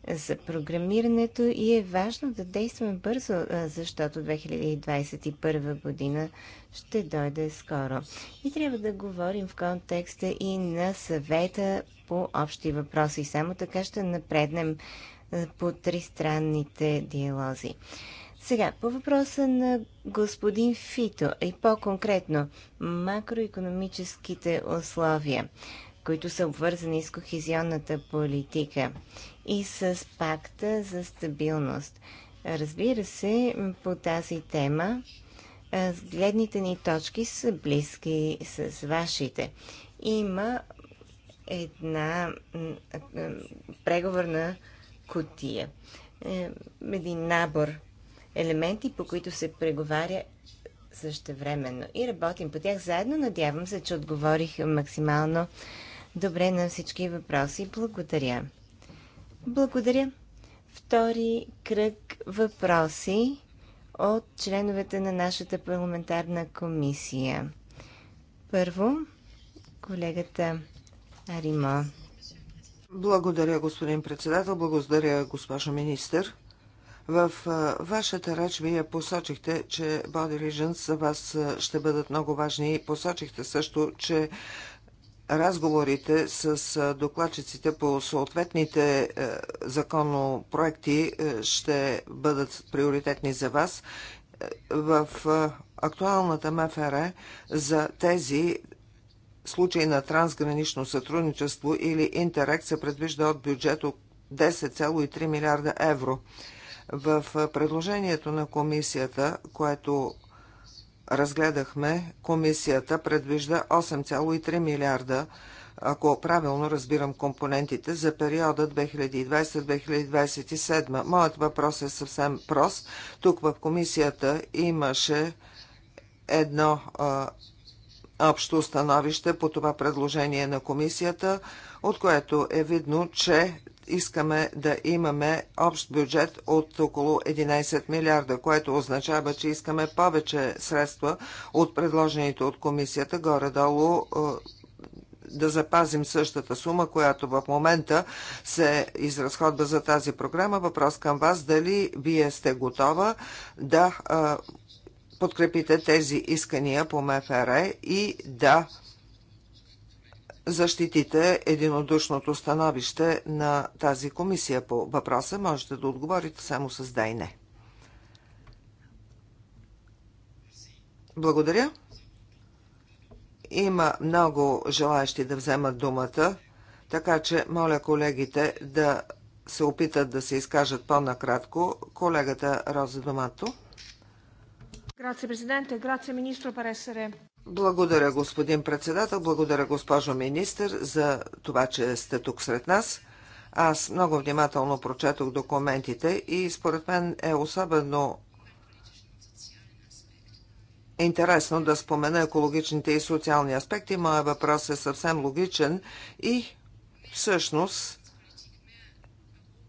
за програмирането и е важно да действаме бързо, защото 2021 година ще дойде скоро. И трябва да говорим в контекста и на съвета по общи въпроси. Само така ще напреднем е, по тристранните диалози. Сега, по въпроса на господин Фито и по-конкретно макроекономическите условия, които са обвързани с кохезионната политика и с пакта за стабилност. Разбира се, по тази тема е, гледните ни точки са близки с вашите. Има една е, преговорна кутия. Е, един набор елементи, по които се преговаря същевременно. И работим по тях заедно. Надявам се, че отговорих максимално добре на всички въпроси. Благодаря. Благодаря. Втори кръг въпроси от членовете на нашата парламентарна комисия. Първо, колегата Аримо. Благодаря, господин председател. Благодаря, госпожо министър. В вашата реч вие посочихте, че Body Regions за вас ще бъдат много важни и посочихте също, че разговорите с докладчиците по съответните законопроекти ще бъдат приоритетни за вас. В актуалната МФР за тези случаи на трансгранично сътрудничество или интерект се предвижда от бюджет 10,3 милиарда евро. В предложението на комисията, което разгледахме, комисията предвижда 8,3 милиарда, ако правилно разбирам компонентите, за периода 2020-2027. Моят въпрос е съвсем прост. Тук в комисията имаше едно а, общо становище по това предложение на комисията, от което е видно, че искаме да имаме общ бюджет от около 11 милиарда, което означава, че искаме повече средства от предложените от комисията горе-долу е, да запазим същата сума, която в момента се изразходва за тази програма. Въпрос към вас, дали вие сте готова да е, подкрепите тези искания по МФР и да защитите единодушното становище на тази комисия по въпроса. Можете да отговорите само с да и не. Благодаря. Има много желаящи да вземат думата, така че моля колегите да се опитат да се изкажат по-накратко. Колегата Роза Домато. Благодаря, господин председател. Благодаря, госпожо министр, за това, че сте тук сред нас. Аз много внимателно прочетох документите и според мен е особено интересно да спомена екологичните и социални аспекти. Моя въпрос е съвсем логичен и всъщност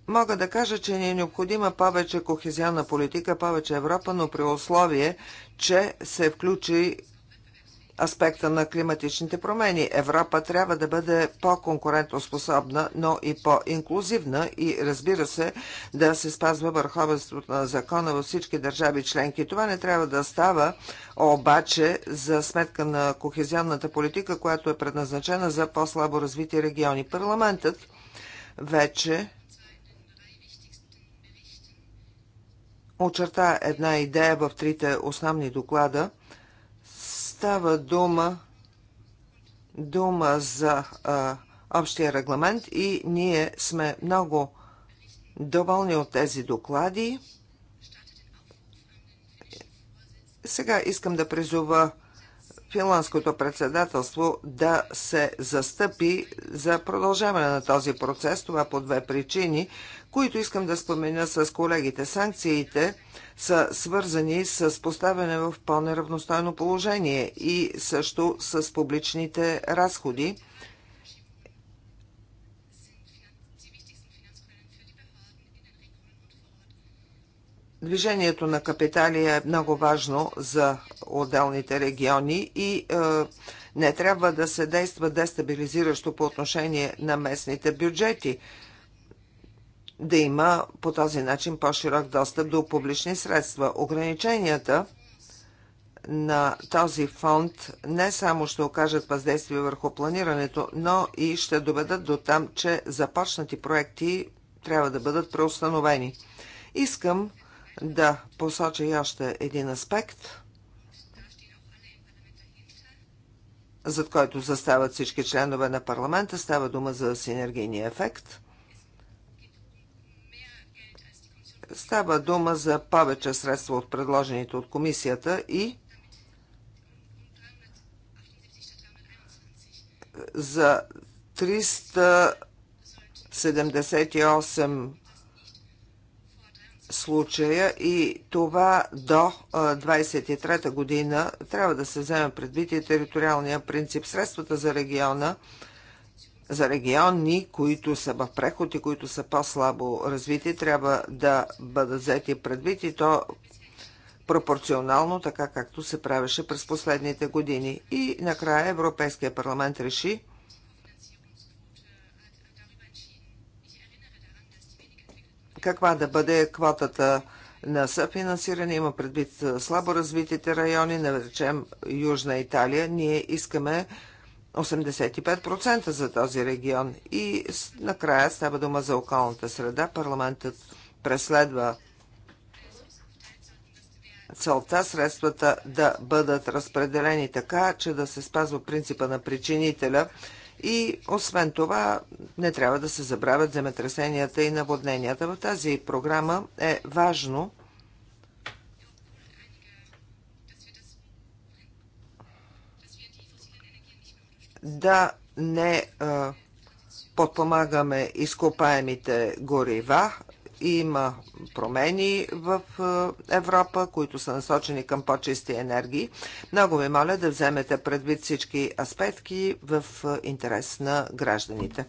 Мога да кажа, че ни е необходима повече кохезионна политика, повече Европа, но при условие, че се включи аспекта на климатичните промени. Европа трябва да бъде по-конкурентоспособна, но и по-инклюзивна и разбира се да се спазва върховенството на закона във всички държави членки. Това не трябва да става обаче за сметка на кохезионната политика, която е предназначена за по-слабо развити региони. Парламентът вече очерта една идея в трите основни доклада. Става дума, дума за а, общия регламент и ние сме много доволни от тези доклади. Сега искам да призова финландското председателство да се застъпи за продължаване на този процес. Това по две причини, които искам да спомена с колегите. Санкциите са свързани с поставяне в по-неравностойно положение и също с публичните разходи Движението на капитали е много важно за отделните региони и е, не трябва да се действа дестабилизиращо по отношение на местните бюджети, да има по този начин по-широк достъп до публични средства. Ограниченията на този фонд не само ще окажат въздействие върху планирането, но и ще доведат до там, че започнати проекти трябва да бъдат преустановени. Искам да посоча и още един аспект, зад който застават всички членове на парламента. Става дума за синергийния ефект. Става дума за повече средства от предложените от комисията и за 378 случая и това до 23-та година трябва да се вземе предвид и териториалния принцип. Средствата за региона за региони, които са в преход и които са по-слабо развити, трябва да бъдат взети предвид и то пропорционално, така както се правеше през последните години. И накрая Европейския парламент реши каква да бъде квотата на съфинансиране. Има предвид слабо развитите райони, да речем Южна Италия. Ние искаме 85% за този регион. И накрая става дума за околната среда. Парламентът преследва целта средствата да бъдат разпределени така, че да се спазва принципа на причинителя – и освен това, не трябва да се забравят земетресенията и наводненията. В тази програма е важно да не подпомагаме изкопаемите горива, има промени в е, Европа, които са насочени към по-чисти енергии. Много ви моля да вземете предвид всички аспекти в е, интерес на гражданите.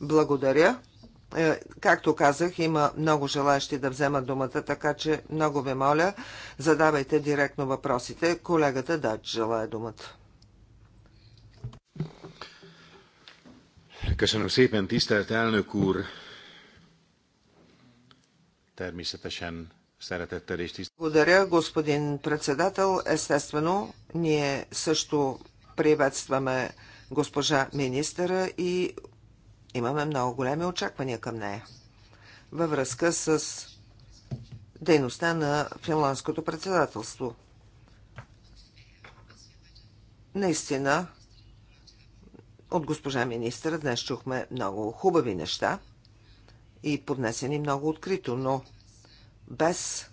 Благодаря. Е, както казах, има много желаящи да вземат думата, така че много ви моля, задавайте директно въпросите. Колегата Дач желая думата. Köszönöm szépen, tisztelt elnök úr, természetesen szeretettel és tisztelettel. Благодаря, господин председател. Естествено, ние също приветстваме госпожа министъра и имаме много големи очаквания към нея във връзка с дейността на финландското председателство. Наистина, от госпожа министъра днес чухме много хубави неща – и поднесени много открито, но без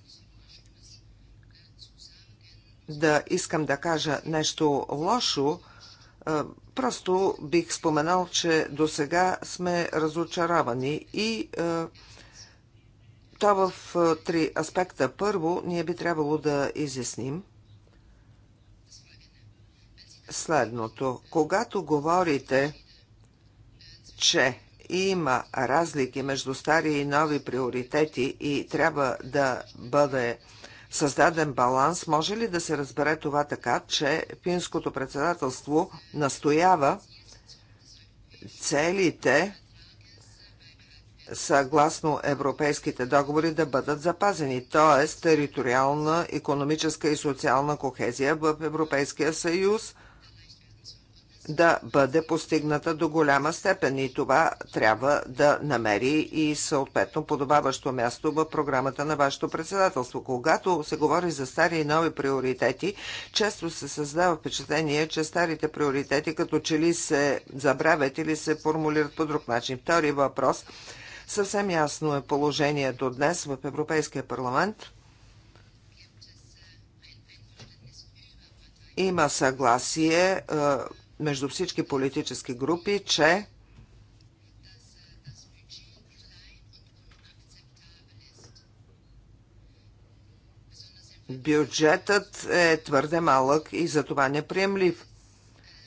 да искам да кажа нещо лошо, просто бих споменал, че до сега сме разочаровани и то в три аспекта. Първо, ние би трябвало да изясним следното. Когато говорите, че има разлики между стари и нови приоритети и трябва да бъде създаден баланс, може ли да се разбере това така, че финското председателство настоява целите съгласно европейските договори да бъдат запазени, т.е. териториална, економическа и социална кохезия в Европейския съюз – да бъде постигната до голяма степен и това трябва да намери и съответно подобаващо място в програмата на вашето председателство. Когато се говори за стари и нови приоритети, често се създава впечатление, че старите приоритети като че ли се забравят или се формулират по друг начин. Втори въпрос. Съвсем ясно е положението днес в Европейския парламент. Има съгласие е, между всички политически групи, че бюджетът е твърде малък и за това неприемлив.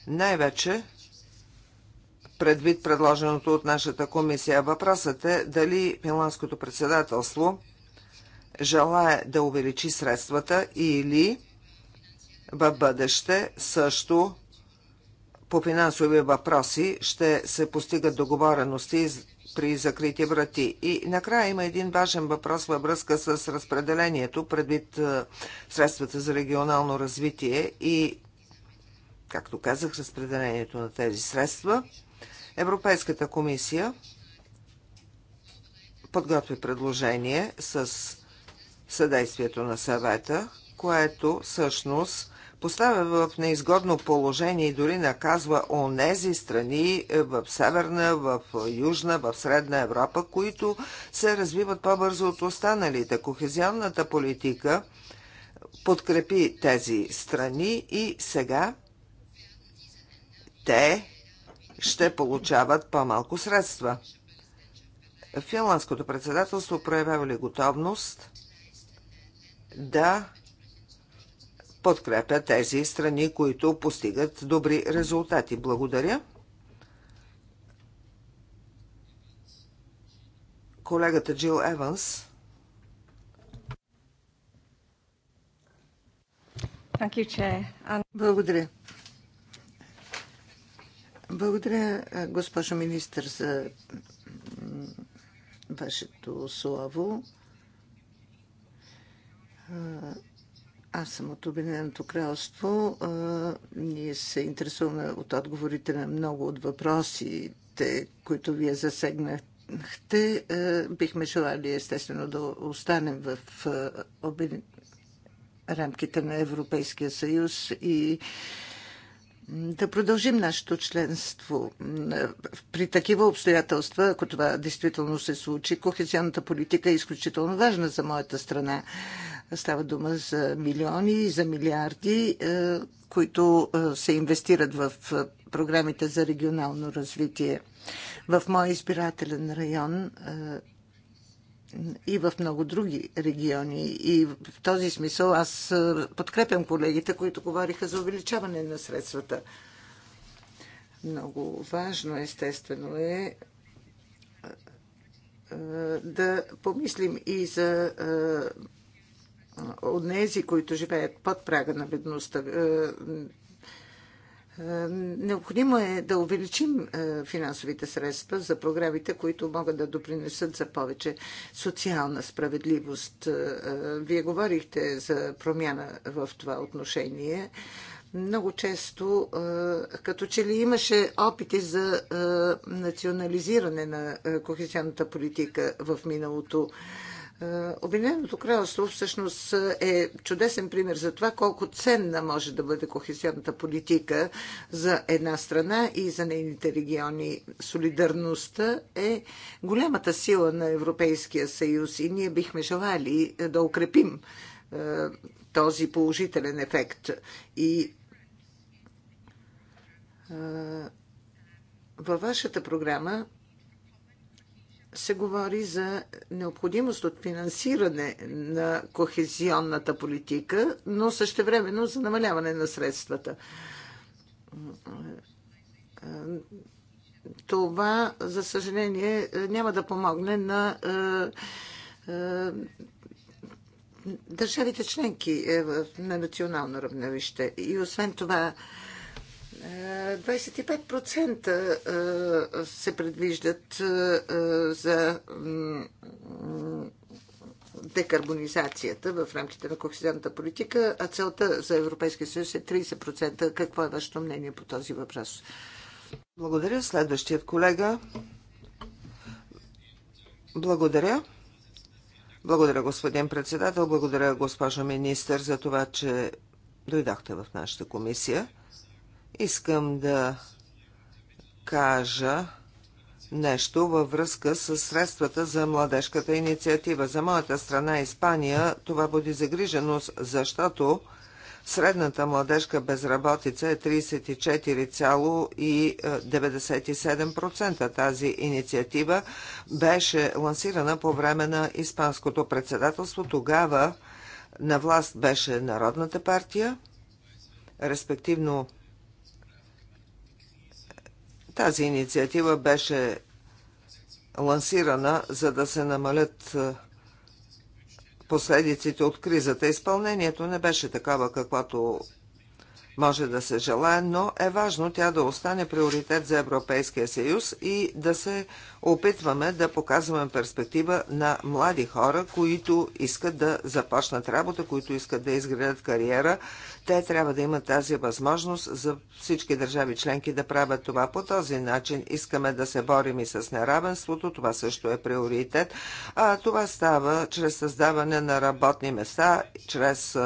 Най-вече предвид предложеното от нашата комисия. Въпросът е дали Миланското председателство желая да увеличи средствата или в бъдеще също по финансови въпроси ще се постигат договорености при закрити врати. И накрая има един важен въпрос във връзка с разпределението предвид е, средствата за регионално развитие и, както казах, разпределението на тези средства. Европейската комисия подготви предложение с съдействието на съвета, което всъщност поставя в неизгодно положение и дори наказва онези страни е, в Северна, в Южна, в Средна Европа, които се развиват по-бързо от останалите. Кохезионната политика подкрепи тези страни и сега те ще получават по-малко средства. Финландското председателство проявява ли готовност да подкрепя тези страни, които постигат добри резултати. Благодаря. Колегата Джил Еванс. Благодаря. Благодаря, госпожо министър, за вашето слово. Аз съм от Обединеното кралство. Ние се интересуваме от отговорите на много от въпросите, които вие засегнахте. Бихме желали, естествено, да останем в рамките на Европейския съюз и да продължим нашето членство. При такива обстоятелства, ако това действително се случи, кохезионната политика е изключително важна за моята страна. Става дума за милиони, за милиарди, е, които е, се инвестират в е, програмите за регионално развитие. В моя избирателен район и в много други региони. И в този смисъл аз подкрепям колегите, които говориха за увеличаване на средствата. Много важно, естествено е да помислим и за от нези, които живеят под прага на бедността. Е, е, необходимо е да увеличим е, финансовите средства за програмите, които могат да допринесат за повече социална справедливост. Вие говорихте за промяна в това отношение. Много често, като че ли имаше опити за национализиране на кохезионната политика в миналото. Е, Обединеното кралство всъщност е чудесен пример за това колко ценна може да бъде кохезионната политика за една страна и за нейните региони. Солидарността е голямата сила на Европейския съюз и ние бихме желали да укрепим е, този положителен ефект. И е, във вашата програма се говори за необходимост от финансиране на кохезионната политика, но същевременно за намаляване на средствата. Това, за съжаление, няма да помогне на е, е, държавите членки е, на национално равновище. И освен това, 25% се предвиждат за декарбонизацията в рамките на кохезионната политика, а целта за Европейския съюз е 30%. Какво е вашето мнение по този въпрос? Благодаря. Следващият колега. Благодаря. Благодаря, господин председател. Благодаря, госпожо министър, за това, че дойдахте в нашата комисия. Искам да кажа нещо във връзка с средствата за младежката инициатива. За моята страна Испания това буди загриженост, защото средната младежка безработица е 34,97%. Тази инициатива беше лансирана по време на Испанското председателство. Тогава на власт беше Народната партия, респективно тази инициатива беше лансирана, за да се намалят е, последиците от кризата. Изпълнението не беше такава, каквато може да се желая, но е важно тя да остане приоритет за Европейския съюз и да се опитваме да показваме перспектива на млади хора, които искат да започнат работа, които искат да изградят кариера. Те трябва да имат тази възможност за всички държави членки да правят това. По този начин искаме да се борим и с неравенството. Това също е приоритет. А това става чрез създаване на работни места, чрез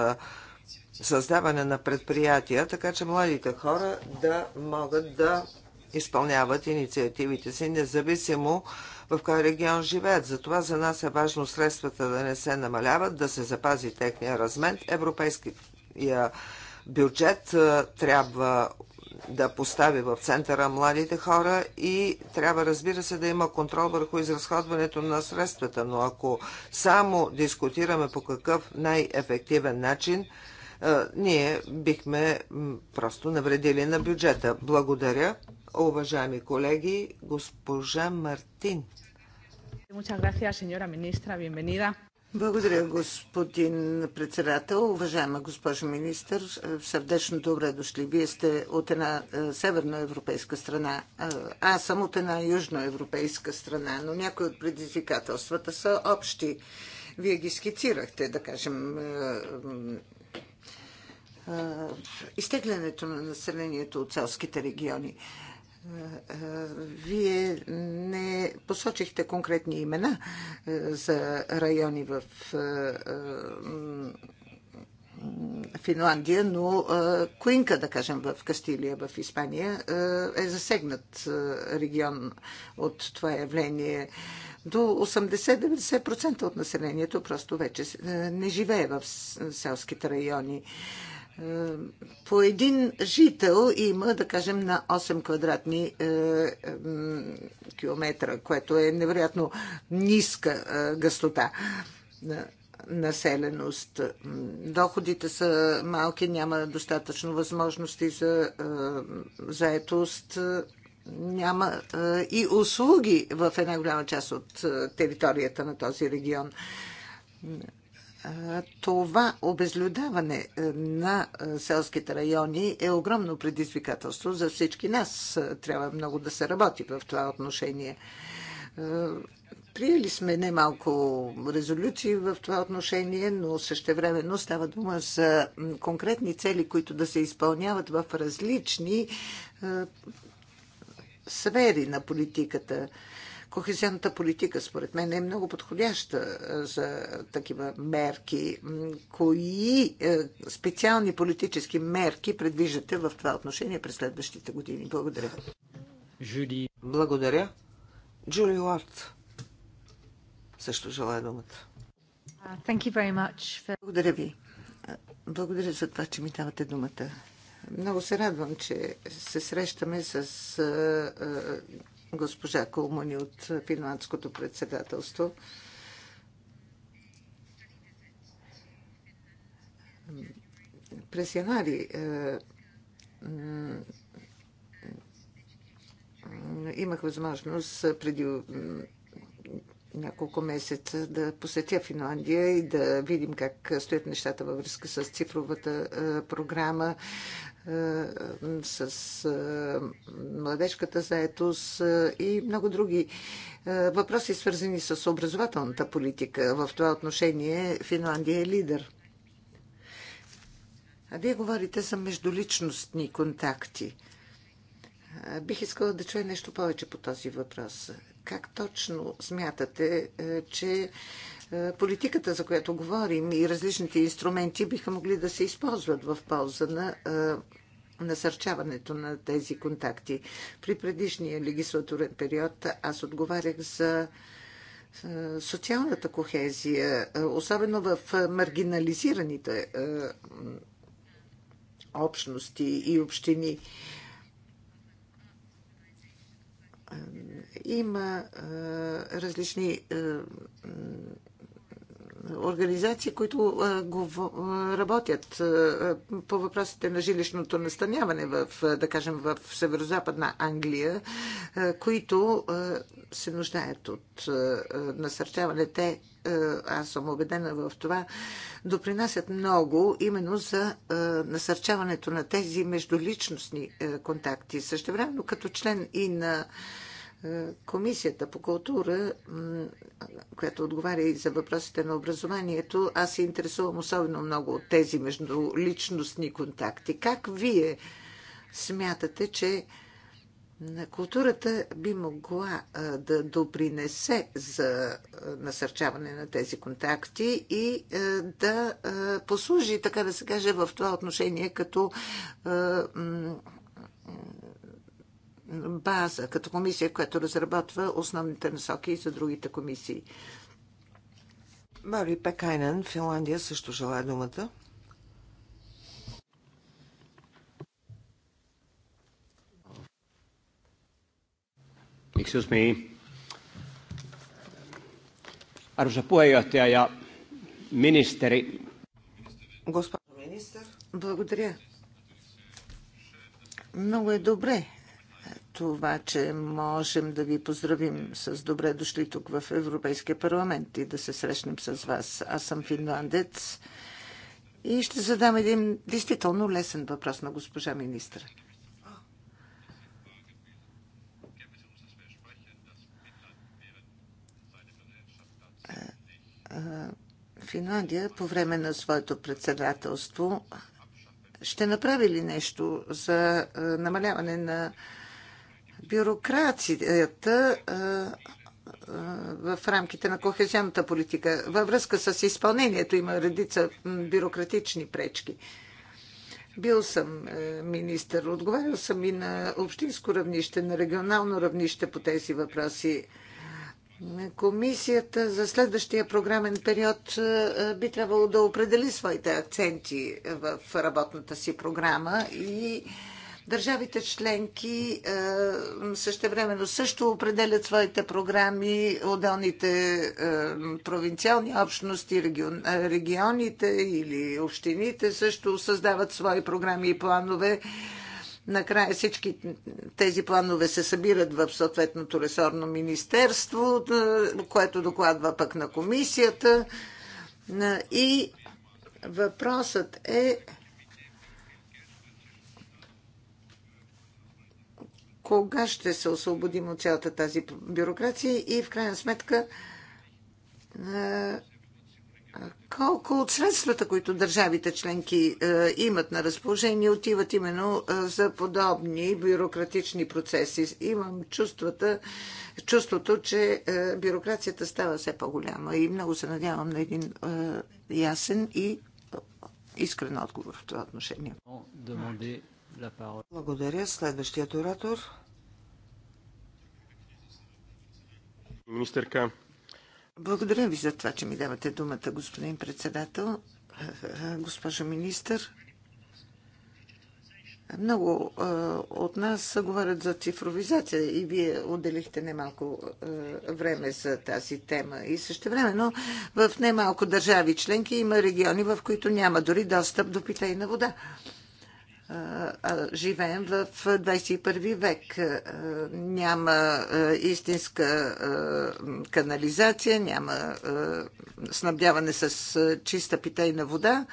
създаване на предприятия, така че младите хора да могат да изпълняват инициативите си, независимо в кой регион живеят. Затова за нас е важно средствата да не се намаляват, да се запази техния размен. Европейския бюджет трябва да постави в центъра младите хора и трябва, разбира се, да има контрол върху изразходването на средствата. Но ако само дискутираме по какъв най-ефективен начин ние бихме просто навредили на бюджета. Благодаря, уважаеми колеги, госпожа Мартин. Благодаря, господин председател. Уважаема госпожо министр, е, сърдечно добре дошли. Вие сте от една е, северноевропейска страна. Е, аз съм от една южноевропейска страна, но някои от предизвикателствата са общи. Вие ги скицирахте, да кажем, изтеглянето на населението от селските региони. Вие не посочихте конкретни имена за райони в Финландия, но Куинка, да кажем, в Кастилия, в Испания, е засегнат регион от това явление. До 80-90% от населението просто вече не живее в селските райони по един жител има, да кажем, на 8 квадратни е, километра, което е невероятно ниска е, гъстота населеност. Доходите са малки, няма достатъчно възможности за е, заетост, няма и услуги в една голяма част от територията на този регион това обезлюдаване е, на е, селските райони е огромно предизвикателство за всички нас. Е, трябва много да се работи в това отношение. Приели сме немалко резолюции в това отношение, но същевременно става дума за конкретни цели, които да се изпълняват в различни сфери на политиката. Кохезионната политика, според мен, е много подходяща за такива мерки. Кои е, специални политически мерки предвиждате в това отношение през следващите години? Благодаря. Жюли. Благодаря. Джули Уарт също желая думата. Uh, for... Благодаря ви. Благодаря за това, че ми давате думата. Много се радвам, че се срещаме с госпожа Кулмани от финландското председателство. През януари е, имах възможност преди няколко месеца да посетя Финландия и да видим как стоят нещата във връзка с цифровата е, програма, е, с е, младежката заетост е, и много други въпроси, свързани с образователната политика. В това отношение Финландия е лидер. А вие говорите за междуличностни контакти. Бих искала да чуя нещо повече по този въпрос. Как точно смятате, че е, политиката, за която говорим и различните инструменти биха могли да се използват в полза на е, насърчаването на тези контакти. При предишния легислатурен период аз отговарях за е, социалната кохезия, особено в маргинализираните общности и общини. Има различни организации, които работят по въпросите на жилищното настаняване в, да кажем, в северо-западна Англия, които се нуждаят от насърчаване. Те, аз съм убедена в това, допринасят много именно за насърчаването на тези междуличностни контакти. Също време, като член и на е, Комисията по култура, която отговаря и за въпросите на образованието, аз се интересувам особено много от тези междуличностни контакти. Как вие смятате, че културата би могла е, да допринесе за е, насърчаване на тези контакти и да послужи, така да се каже, в това отношение като база, като комисия, която разработва основните насоки и за другите комисии. Мари Пекайнен, Финландия, също желая думата. Excuse me. Arvoisa puheenjohtaja ja ministeri. Госпожо министър, благодаря. Много е добре, това, че можем да ви поздравим с добре дошли тук в Европейския парламент и да се срещнем с вас. Аз съм финландец и ще задам един действително лесен въпрос на госпожа министра. Финландия по време на своето председателство ще направи ли нещо за намаляване на бюрокрацията в рамките на кохезионната политика. Във връзка с изпълнението има редица бюрократични пречки. Бил съм е, министър, отговарял съм и на общинско равнище, на регионално равнище по тези въпроси. Комисията за следващия програмен период е, е, би трябвало да определи своите акценти в работната си програма и Държавите членки е, същевременно също определят своите програми, отделните е, провинциални общности, е, регионите или общините също създават свои програми и планове. Накрая всички тези планове се събират в съответното ресорно министерство, което докладва пък на комисията. И въпросът е кога ще се освободим от цялата тази бюрокрация и в крайна сметка е, колко от средствата, които държавите членки е, имат на разположение, отиват именно е, за подобни бюрократични процеси. Имам чувствата, чувството, че бюрокрацията става все по-голяма и много се надявам на един ясен и искрен отговор в това отношение. Благодаря. Следващият оратор. Министърка. Благодаря ви за това, че ми давате думата, господин председател. Госпожа министър, много от нас говорят за цифровизация и вие отделихте немалко време за тази тема. И също време, но в немалко държави членки има региони, в които няма дори достъп до питейна вода живеем в 21 век. Няма истинска канализация, няма снабдяване с чиста питейна вода,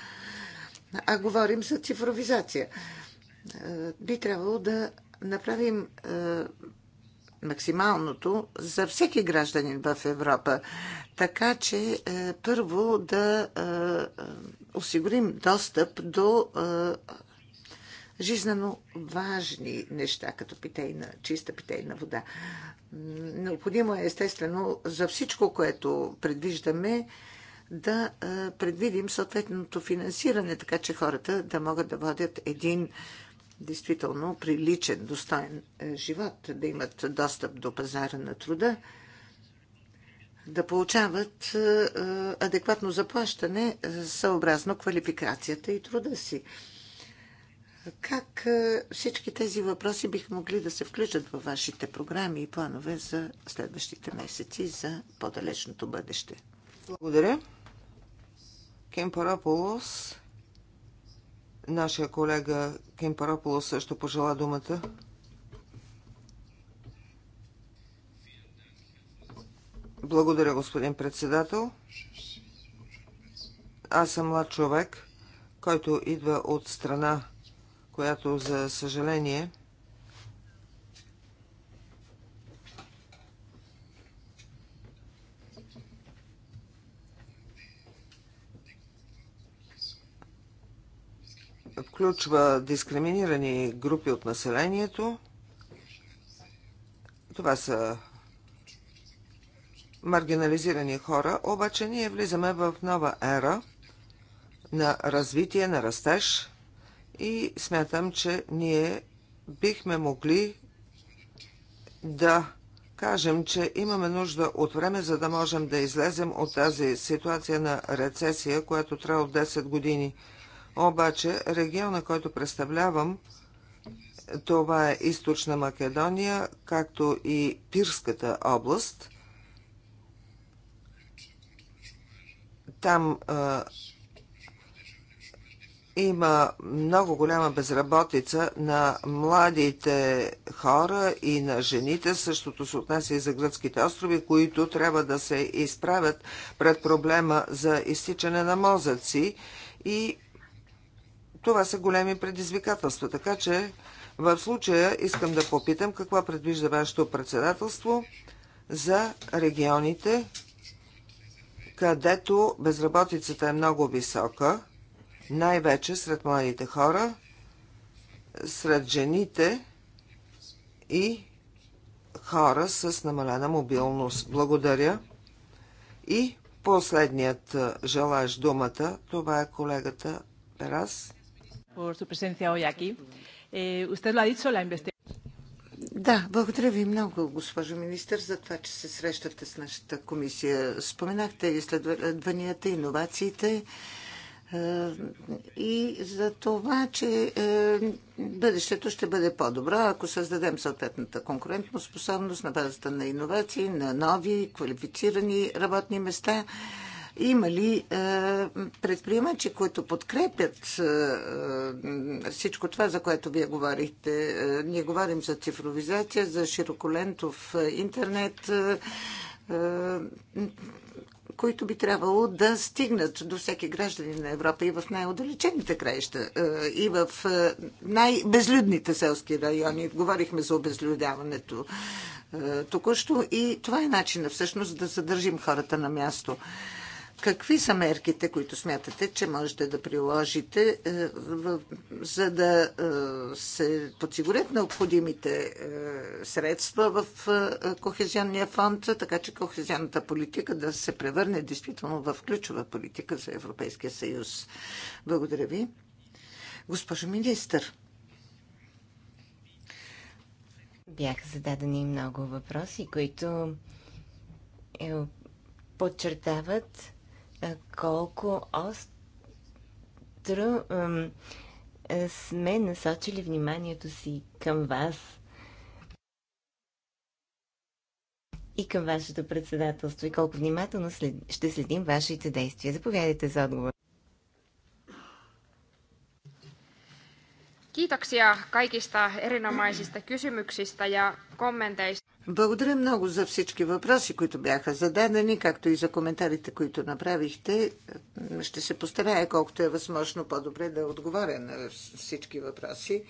а говорим за цифровизация. Би трябвало да направим максималното за всеки гражданин в Европа. Така че първо да осигурим достъп до жизнено важни неща, като питейна, чиста питейна вода. Необходимо е, естествено, за всичко, което предвиждаме, да предвидим съответното финансиране, така че хората да могат да водят един действително приличен, достоен е, живот, да имат достъп до пазара на труда, да получават е, е, адекватно заплащане съобразно квалификацията и труда си. Как е, всички тези въпроси бих могли да се включат във вашите програми и планове за следващите месеци, за по-далечното бъдеще? Благодаря. Параполос, нашия колега Параполос също пожела думата. Благодаря, господин председател. Аз съм млад човек, който идва от страна която за съжаление включва дискриминирани групи от населението. Това са маргинализирани хора, обаче ние влизаме в нова ера на развитие, на растеж и смятам, че ние бихме могли да кажем, че имаме нужда от време, за да можем да излезем от тази ситуация на рецесия, която трябва от 10 години. Обаче региона, който представлявам, това е източна Македония, както и Пирската област. Там а, има много голяма безработица на младите хора и на жените. Същото се отнася и за гръцките острови, които трябва да се изправят пред проблема за изтичане на мозъци. И това са големи предизвикателства. Така че в случая искам да попитам какво предвижда вашето председателство за регионите, където безработицата е много висока най-вече сред младите хора, сред жените и хора с намалена мобилност. Благодаря. И последният желаш думата, това е колегата Перас. Eh, да, благодаря ви много, госпожо министър, за това, че се срещате с нашата комисия. Споменахте изследванията, иновациите. Е, и за това, че е, бъдещето ще бъде по-добро, ако създадем съответната конкурентна способност на базата на иновации, на нови квалифицирани работни места. Има ли е, предприемачи, които подкрепят всичко това, за което вие говорихте? Ние говорим за цифровизация, за широколентов интернет които би трябвало да стигнат до всеки гражданин на Европа и в най-отдалечените краища, е, и в е, най-безлюдните селски райони. Говорихме за обезлюдяването е, току-що и това е начинът всъщност да задържим хората на място. Какви са мерките, които смятате, че можете да приложите, е, за да е, се подсигурят необходимите е, средства в Кохезионния фонд, така че кохезионната политика да се превърне действително в ключова политика за Европейския съюз? Благодаря ви. Госпожо министър. Бяха зададени много въпроси, които подчертават колко остро е, сме насочили вниманието си към вас и към вашето председателство и колко внимателно след... ще следим вашите действия. Заповядайте за отговор. Kiitoksia kaikista erinomaisista kysymyksistä ja kommenteista. Благодаря много за всички въпроси, които бяха зададени, както и за коментарите, които направихте. Ще се постарая колкото е възможно по-добре да отговоря на всички въпроси.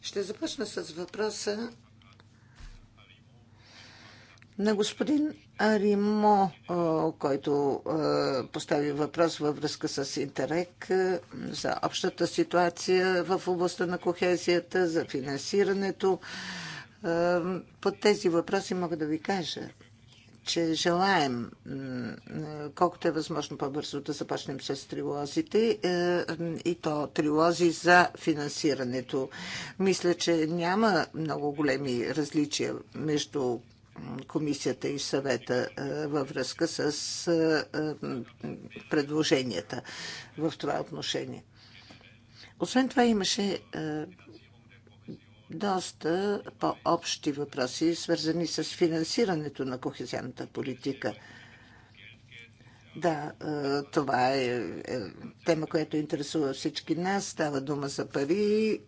Ще започна с въпроса на господин Аримо, който постави въпрос във връзка с Интерек за общата ситуация в областта на кохезията, за финансирането. По тези въпроси мога да ви кажа, че желаем колкото е възможно по-бързо да започнем с трилозите е, и то трилози за финансирането. Мисля, че няма много големи различия между комисията и съвета е, във връзка с е, предложенията в това отношение. Освен това имаше доста по-общи въпроси, свързани с финансирането на кохезионната политика. Да, е, това е, е тема, която интересува всички нас. Става дума за пари. Е,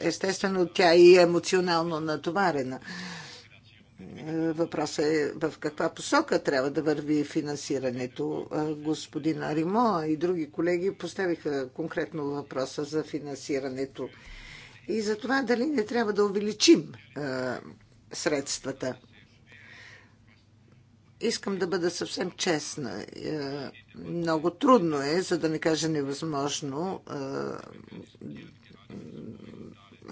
естествено, тя е и емоционално натоварена. Въпросът е в каква посока трябва да върви финансирането. Господин Аримо и други колеги поставиха конкретно въпроса за финансирането и за това дали не трябва да увеличим средствата. Искам да бъда съвсем честна. Много трудно е, за да не кажа невъзможно,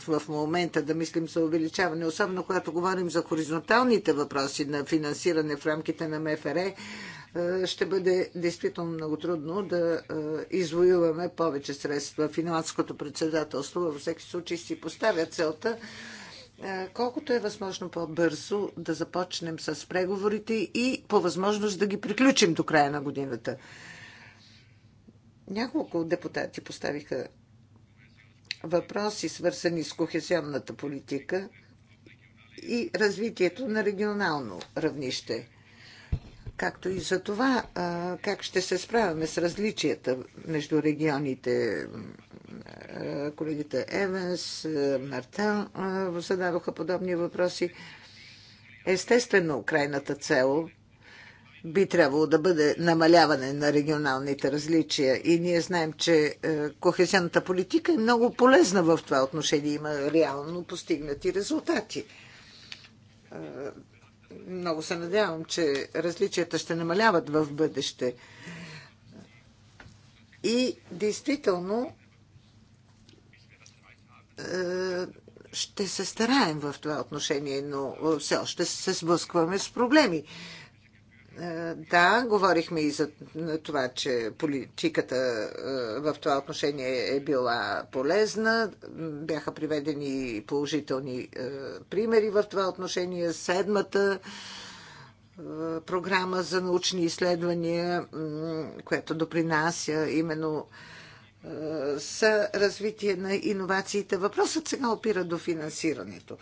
в момента да мислим за увеличаване, особено когато говорим за хоризонталните въпроси на финансиране в рамките на МФР, е, ще бъде действително много трудно да е, извоюваме повече средства. Финландското председателство във всеки случай си поставя целта е, колкото е възможно по-бързо да започнем с преговорите и по възможност да ги приключим до края на годината. Няколко депутати поставиха въпроси, свързани с кохезионната политика и развитието на регионално равнище както и за това как ще се справяме с различията между регионите. Колегите Евенс, Мартел зададоха подобни въпроси. Естествено, крайната цел би трябвало да бъде намаляване на регионалните различия. И ние знаем, че кохезионната политика е много полезна в това отношение. Има реално постигнати резултати много се надявам, че различията ще намаляват в бъдеще. И действително е, ще се стараем в това отношение, но все още се сблъскваме с проблеми. Е, да, говорихме и за това, че политиката е, в това отношение е била полезна. Бяха приведени положителни е, примери в това отношение. Седмата програма за научни изследвания, която допринася именно с развитие на иновациите. Въпросът сега опира до финансирането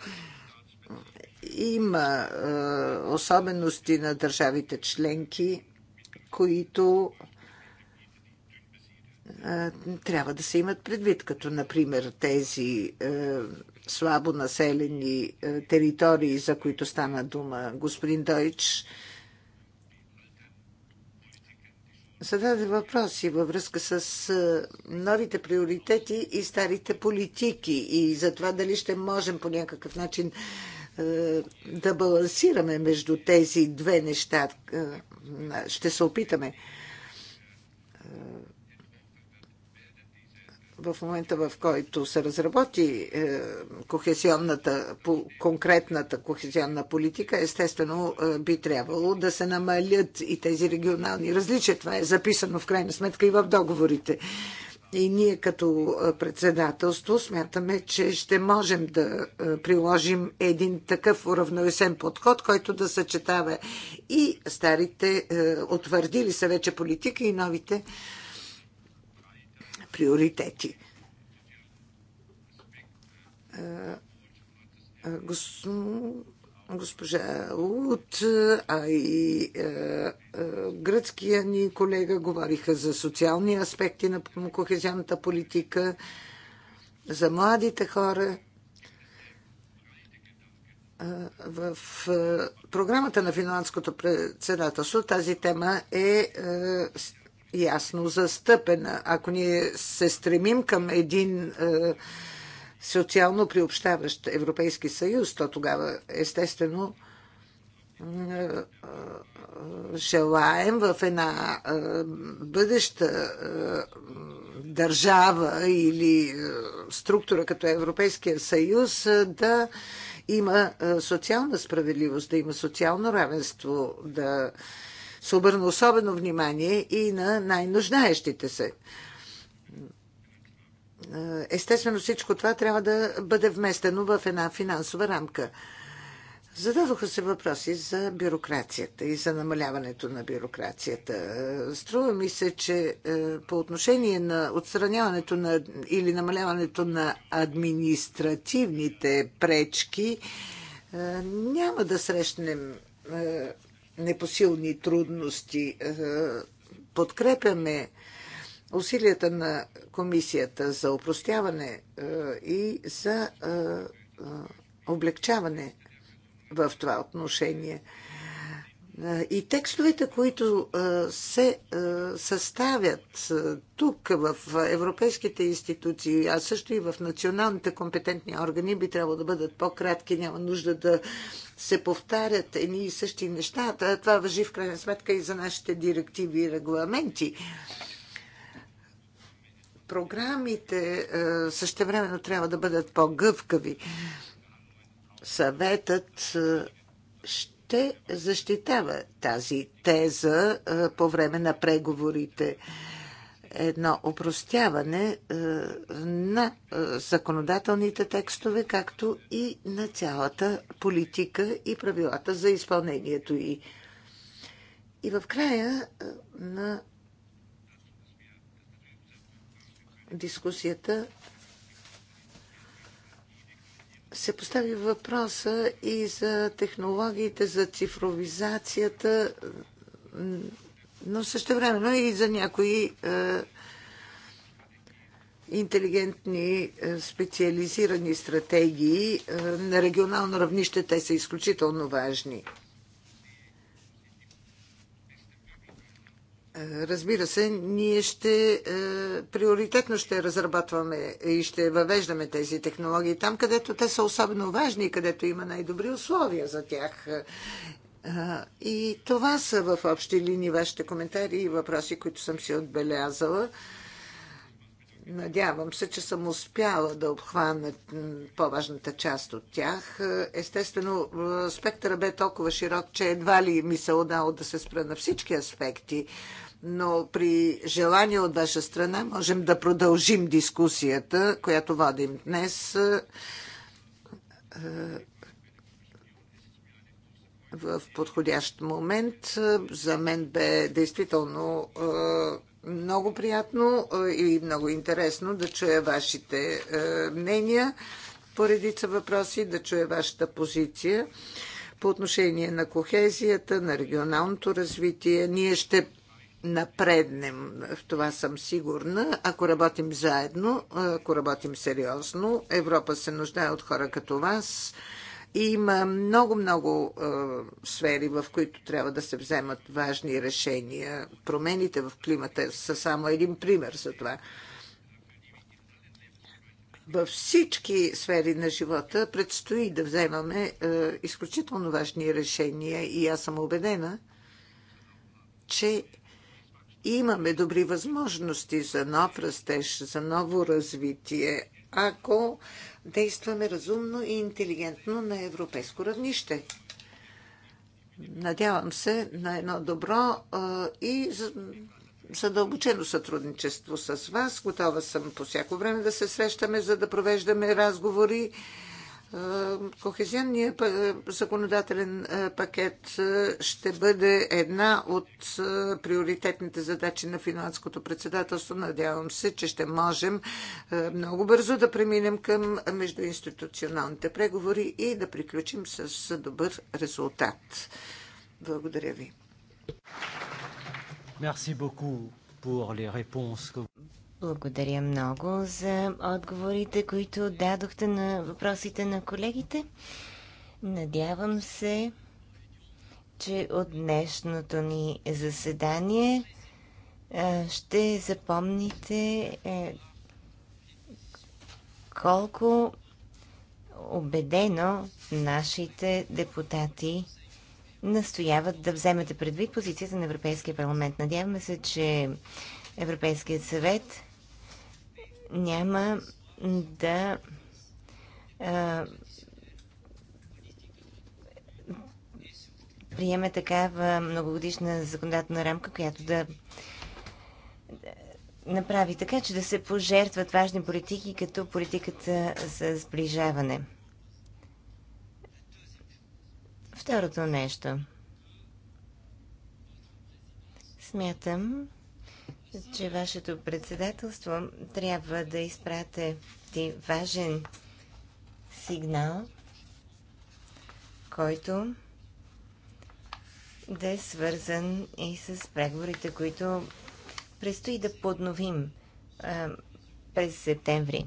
има е, особености на държавите членки, които е, трябва да се имат предвид, като например тези е, слабо населени е, територии, за които стана дума господин Дойч. Зададе въпроси във връзка с е, новите приоритети и старите политики и за това дали ще можем по някакъв начин е, да балансираме между тези две неща. Е, ще се опитаме. Е, в момента, в който се разработи кохезионната, конкретната кохезионна политика, естествено би трябвало да се намалят и тези регионални различия. Това е записано в крайна сметка и в договорите и ние като председателство смятаме, че ще можем да приложим един такъв уравновесен подход, който да съчетава и старите утвърдили се вече политики и новите приоритети. Господин госпожа Лут, а и е, е, гръцкия ни колега говориха за социални аспекти на кохезионната политика, за младите хора. Е, в е, програмата на финландското председателство тази тема е, е ясно застъпена. Ако ние се стремим към един социално приобщаващ Европейски съюз, то тогава естествено е, е, желаем в една е, бъдеща държава или структура като Европейския съюз да има социална справедливост, да има социално равенство, да се обърне особено внимание и на най-нуждаещите се. Е, естествено всичко това трябва да бъде вместено в една финансова рамка. Зададоха се въпроси за бюрокрацията и за намаляването на бюрокрацията. Струва ми се, че е, по отношение на отстраняването на, или намаляването на административните пречки, е, няма да срещнем непосилни трудности. Подкрепяме усилията на комисията за упростяване е, и за е, е, облегчаване в това отношение. И текстовете, които се съставят тук в европейските институции, а също и в националните компетентни органи, би трябвало да бъдат по-кратки. Няма нужда да се повтарят едни и същи неща. Това въжи в крайна сметка и за нашите директиви и регламенти програмите е, също времено трябва да бъдат по-гъвкави. Съветът е, ще защитава тази теза е, по време на преговорите. Едно опростяване на законодателните текстове, както и на цялата политика и правилата за изпълнението й. И в края на дискусията се постави въпроса и за технологиите, за цифровизацията, но също времено и за някои е, интелигентни е, специализирани стратегии е, на регионално равнище. Те са изключително важни. Е, разбира се, ние ще е, приоритетно ще разработваме и ще въвеждаме тези технологии там, където те са особено важни и където има най-добри условия за тях. Е, и това са в общи линии вашите коментари и въпроси, които съм си отбелязала. Надявам се, че съм успяла да обхвана по-важната част от тях. Естествено, спектъра бе толкова широк, че едва ли ми се отдало да се спра на всички аспекти но при желание от ваша страна можем да продължим дискусията, която водим днес е, в подходящ момент. За мен бе действително е, много приятно е, и много интересно да чуя вашите мнения по редица въпроси, да чуя вашата позиция по отношение на кохезията, на регионалното развитие. Ние ще напреднем. В това съм сигурна. Ако работим заедно, ако работим сериозно, Европа се нуждае от хора като вас. И има много-много е, сфери, в които трябва да се вземат важни решения. Промените в климата са само един пример за това. Във всички сфери на живота предстои да вземаме е, изключително важни решения и аз съм убедена, че имаме добри възможности за нов растеж, за ново развитие, ако действаме разумно и интелигентно на европейско равнище. Надявам се на едно добро и задълбочено сътрудничество с вас. Готова съм по всяко време да се срещаме, за да провеждаме разговори е, Кохезионният законодателен е, пакет е, ще бъде една от приоритетните задачи на финанското председателство. Надявам се, че ще можем много бързо да преминем към междуинституционалните преговори и да приключим с добър резултат. Благодаря ви. Merci beaucoup pour les réponses благодаря много за отговорите, които дадохте на въпросите на колегите. Надявам се, че от днешното ни заседание ще запомните е, колко убедено нашите депутати настояват да вземете предвид позицията на Европейския парламент. Надяваме се, че Европейският съвет няма да а, приеме такава многогодишна законодателна рамка, която да направи така, че да се пожертват важни политики, като политиката за сближаване. Второто нещо. Смятам, че вашето председателство трябва да изпрате ти важен сигнал, който да е свързан и с преговорите, които предстои да подновим през септември.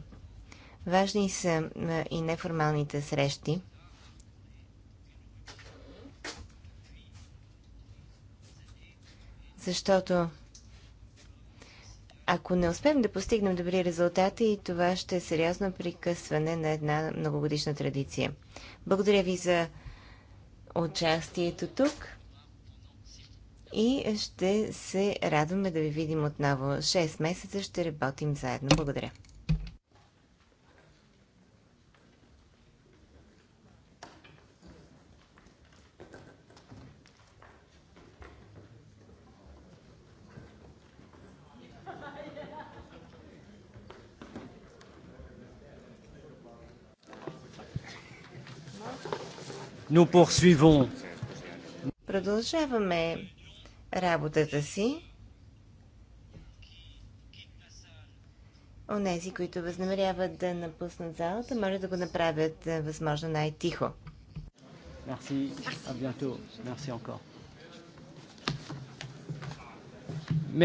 Важни са и неформалните срещи. Защото ако не успеем да постигнем добри резултати, това ще е сериозно прикъсване на една многогодишна традиция. Благодаря ви за участието тук и ще се радваме да ви видим отново. 6 месеца ще работим заедно. Благодаря. Продължаваме работата си. Онези, които възнамеряват да напуснат залата, моля да го направят е, възможно най-тихо. Merci. bientôt. Merci encore.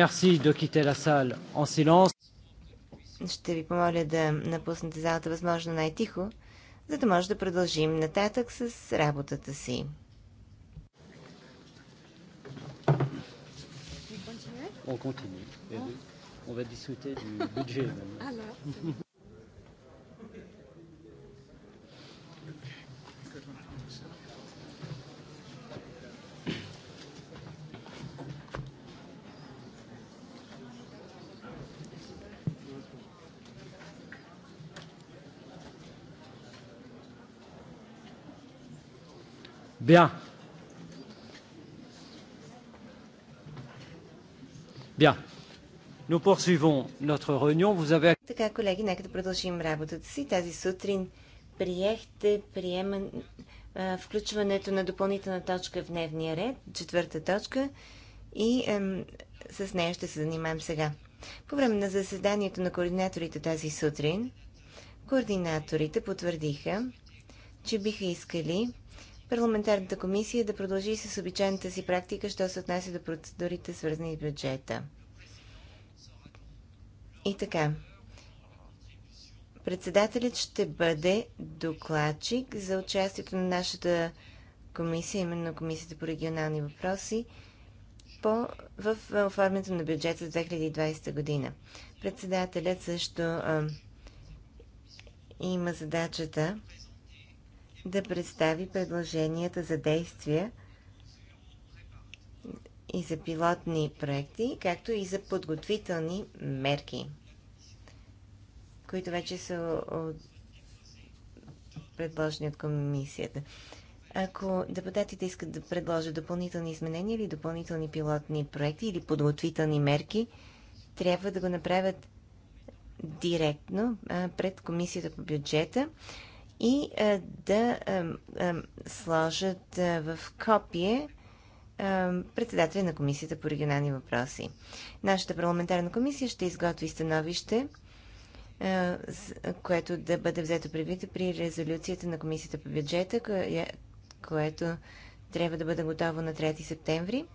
Merci de quitter la salle en silence. Ще ви помоля да напуснете залата възможно най-тихо за да може да продължим нататък с работата си. On continue. On va discuter du budget. Бя. Бя. Но poursuivons notre réunion. Vous avez... Така, колеги, нека да продължим работата си. Тази сутрин приехте приемен, а, включването на допълнителна точка в дневния ред, четвърта точка, и ем, с нея ще се занимаем сега. По време на заседанието на координаторите тази сутрин, координаторите потвърдиха, че биха искали парламентарната комисия да продължи с обичайната си практика, що се отнася до процедурите, свързани с бюджета. И така. Председателят ще бъде докладчик за участието на нашата комисия, именно Комисията по регионални въпроси, по, в оформянето на бюджета за 2020 година. Председателят също а, има задачата да представи предложенията за действия и за пилотни проекти, както и за подготвителни мерки, които вече са предложени от комисията. Ако депутатите искат да предложат допълнителни изменения или допълнителни пилотни проекти или подготвителни мерки, трябва да го направят директно пред комисията по бюджета и а, е, да а, е, а, е, сложат а, в копие председателя на Комисията по регионални въпроси. Нашата парламентарна комисия ще изготви становище, а, с, което да бъде взето предвид при резолюцията на Комисията по бюджета, кое, което трябва да бъде готово на 3 септември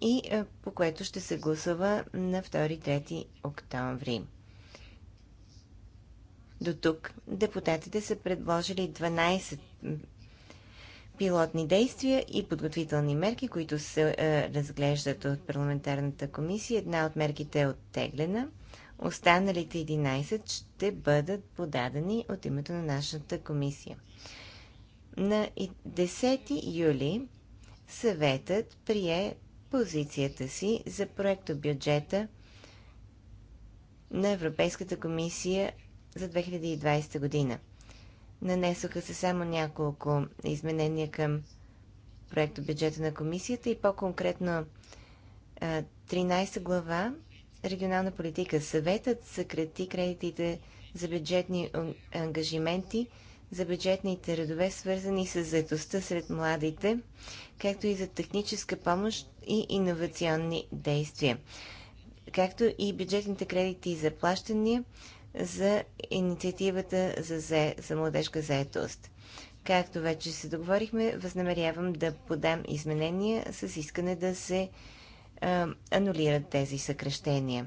и а, по което ще се гласува на 2-3 октомври. До тук депутатите са предложили 12 пилотни действия и подготвителни мерки, които се е, разглеждат от парламентарната комисия. Една от мерките е оттеглена. Останалите 11 ще бъдат подадени от името на нашата комисия. На 10 юли съветът прие позицията си за проекто бюджета на Европейската комисия за 2020 година. Нанесоха се само няколко изменения към проекто бюджета на комисията и по-конкретно 13 глава регионална политика. Съветът съкрати кредитите за бюджетни ангажименти за бюджетните редове, свързани с заедостта сред младите, както и за техническа помощ и иновационни действия, както и бюджетните кредити и заплащания за инициативата за, за, за младежка заетост. Както вече се договорихме, възнамерявам да подам изменения с искане да се а, анулират тези съкрещения.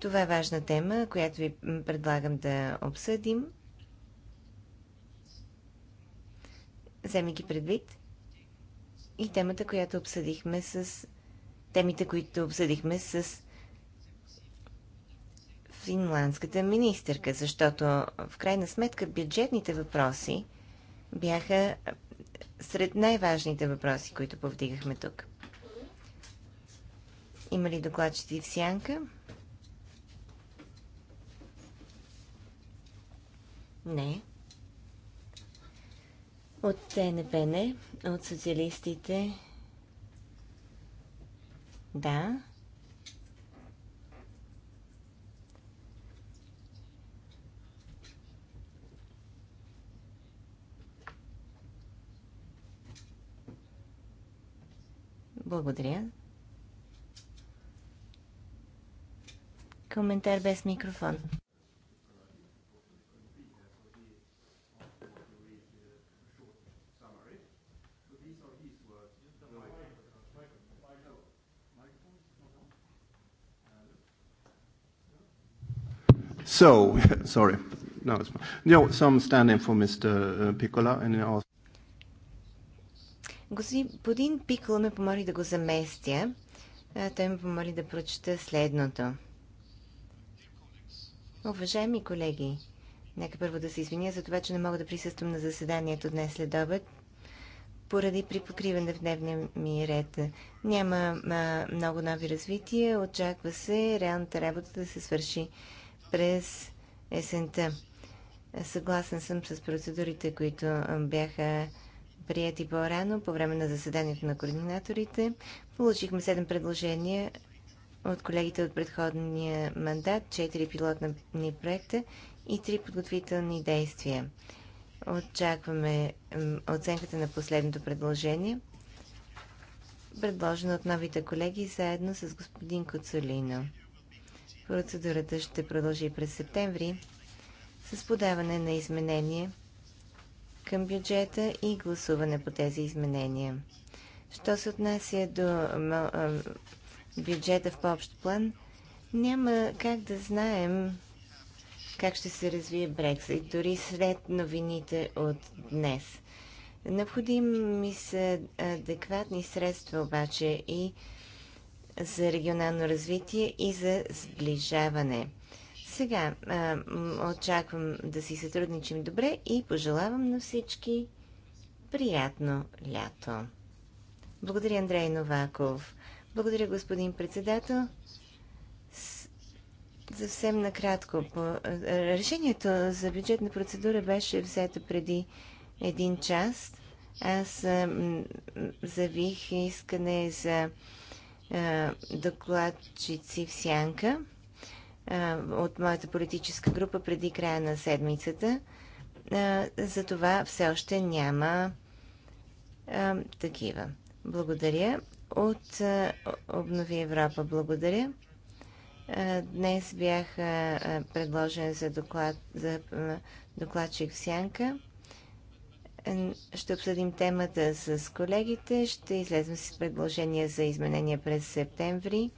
Това е важна тема, която ви предлагам да обсъдим. Вземи ги предвид. И темата, която обсъдихме с темите, които обсъдихме с финландската министърка, защото в крайна сметка бюджетните въпроси бяха сред най-важните въпроси, които повдигахме тук. Има ли докладчици в сянка? Не. От ТНП от социалистите да. Благодаря. Коментар без микрофон. So, sorry. No, it's no, some standing for Mr. Uh, Piccola and I'll- Господин Пикола ме помоли да го заместя. Е, той ме помоли да прочета следното. Уважаеми колеги, нека първо да се извиня за това, че не мога да присъствам на заседанието днес след обед, поради припокриване в дневния ми ред. Е, няма а, много нови развития, очаква се реалната работа да се свърши през есента. Съгласен съм с процедурите, които бяха прияти по-рано по време на заседанието на координаторите. Получихме 7 предложения от колегите от предходния мандат, 4 пилотни проекта и 3 подготвителни действия. Очакваме оценката на последното предложение, предложено от новите колеги, заедно с господин Коцолино. Процедурата ще продължи през септември с подаване на изменения към бюджета и гласуване по тези изменения. Що се отнася до бюджета в по-общ план, няма как да знаем как ще се развие Брексит, дори след новините от днес. Необходими са адекватни средства обаче и за регионално развитие и за сближаване. Сега а, очаквам да си сътрудничим добре и пожелавам на всички приятно лято. Благодаря, Андрей Новаков. Благодаря, господин председател. Съвсем накратко. По... Решението за бюджетна процедура беше взето преди един час. Аз а, завих искане за е, докладчици в Сянка е, от моята политическа група преди края на седмицата. Е, за това все още няма такива. Благодаря. От Обнови Европа благодаря. Днес бях предложен за, доклад, за докладчик в Сянка ще обсъдим темата с колегите. Ще излезем с предложения за изменения през септември.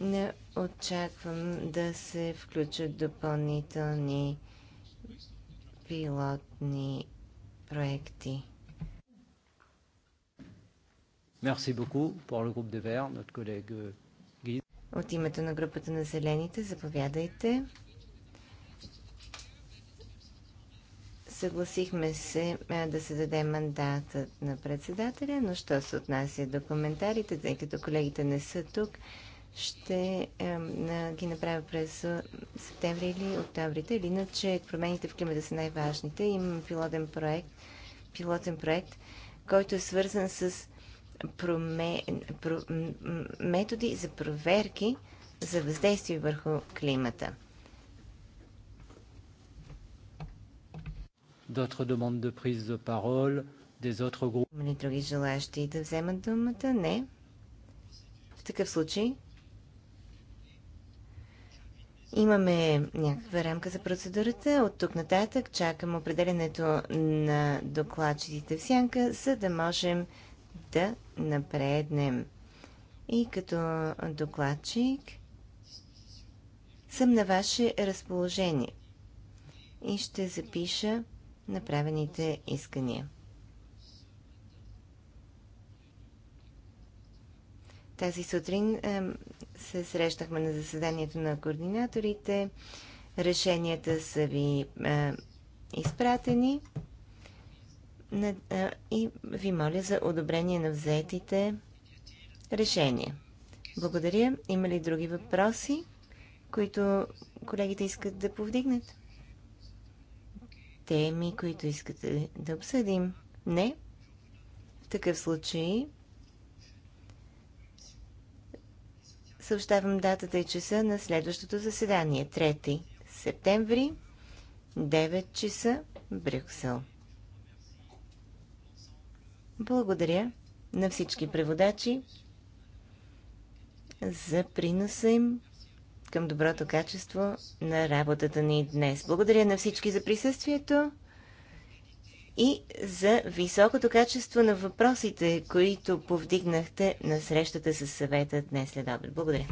Не очаквам да се включат допълнителни пилотни проекти. Merci beaucoup pour le groupe de Verts, notre collègue Guy. От името на групата на зелените, заповядайте. Съгласихме се да се даде мандатът на председателя, но що се отнася до коментарите, тъй като колегите не са тук, ще е, ги направя през септември или октомври. Или иначе промените в климата са най-важните. Имам пилотен проект, пилотен проект, който е свързан с проме, про, методи за проверки за въздействие върху климата. D'autres demandes de prise de parole des autres groupes. ли други да вземат думата? Не. В такъв случай имаме някаква рамка за процедурата. От тук нататък чакам определенето на докладчиците в сянка, за да можем да напреднем. И като докладчик съм на ваше разположение и ще запиша направените искания. Тази сутрин е, се срещахме на заседанието на координаторите. Решенията са ви е, изпратени е, и ви моля за одобрение на взетите решения. Благодаря. Има ли други въпроси, които колегите искат да повдигнат? теми, които искате да обсъдим? Не? В такъв случай съобщавам датата и часа на следващото заседание. 3 септември, 9 часа, Брюксел. Благодаря на всички преводачи за приноса им към доброто качество на работата ни днес. Благодаря на всички за присъствието и за високото качество на въпросите, които повдигнахте на срещата с съвета днес след обед. Благодаря.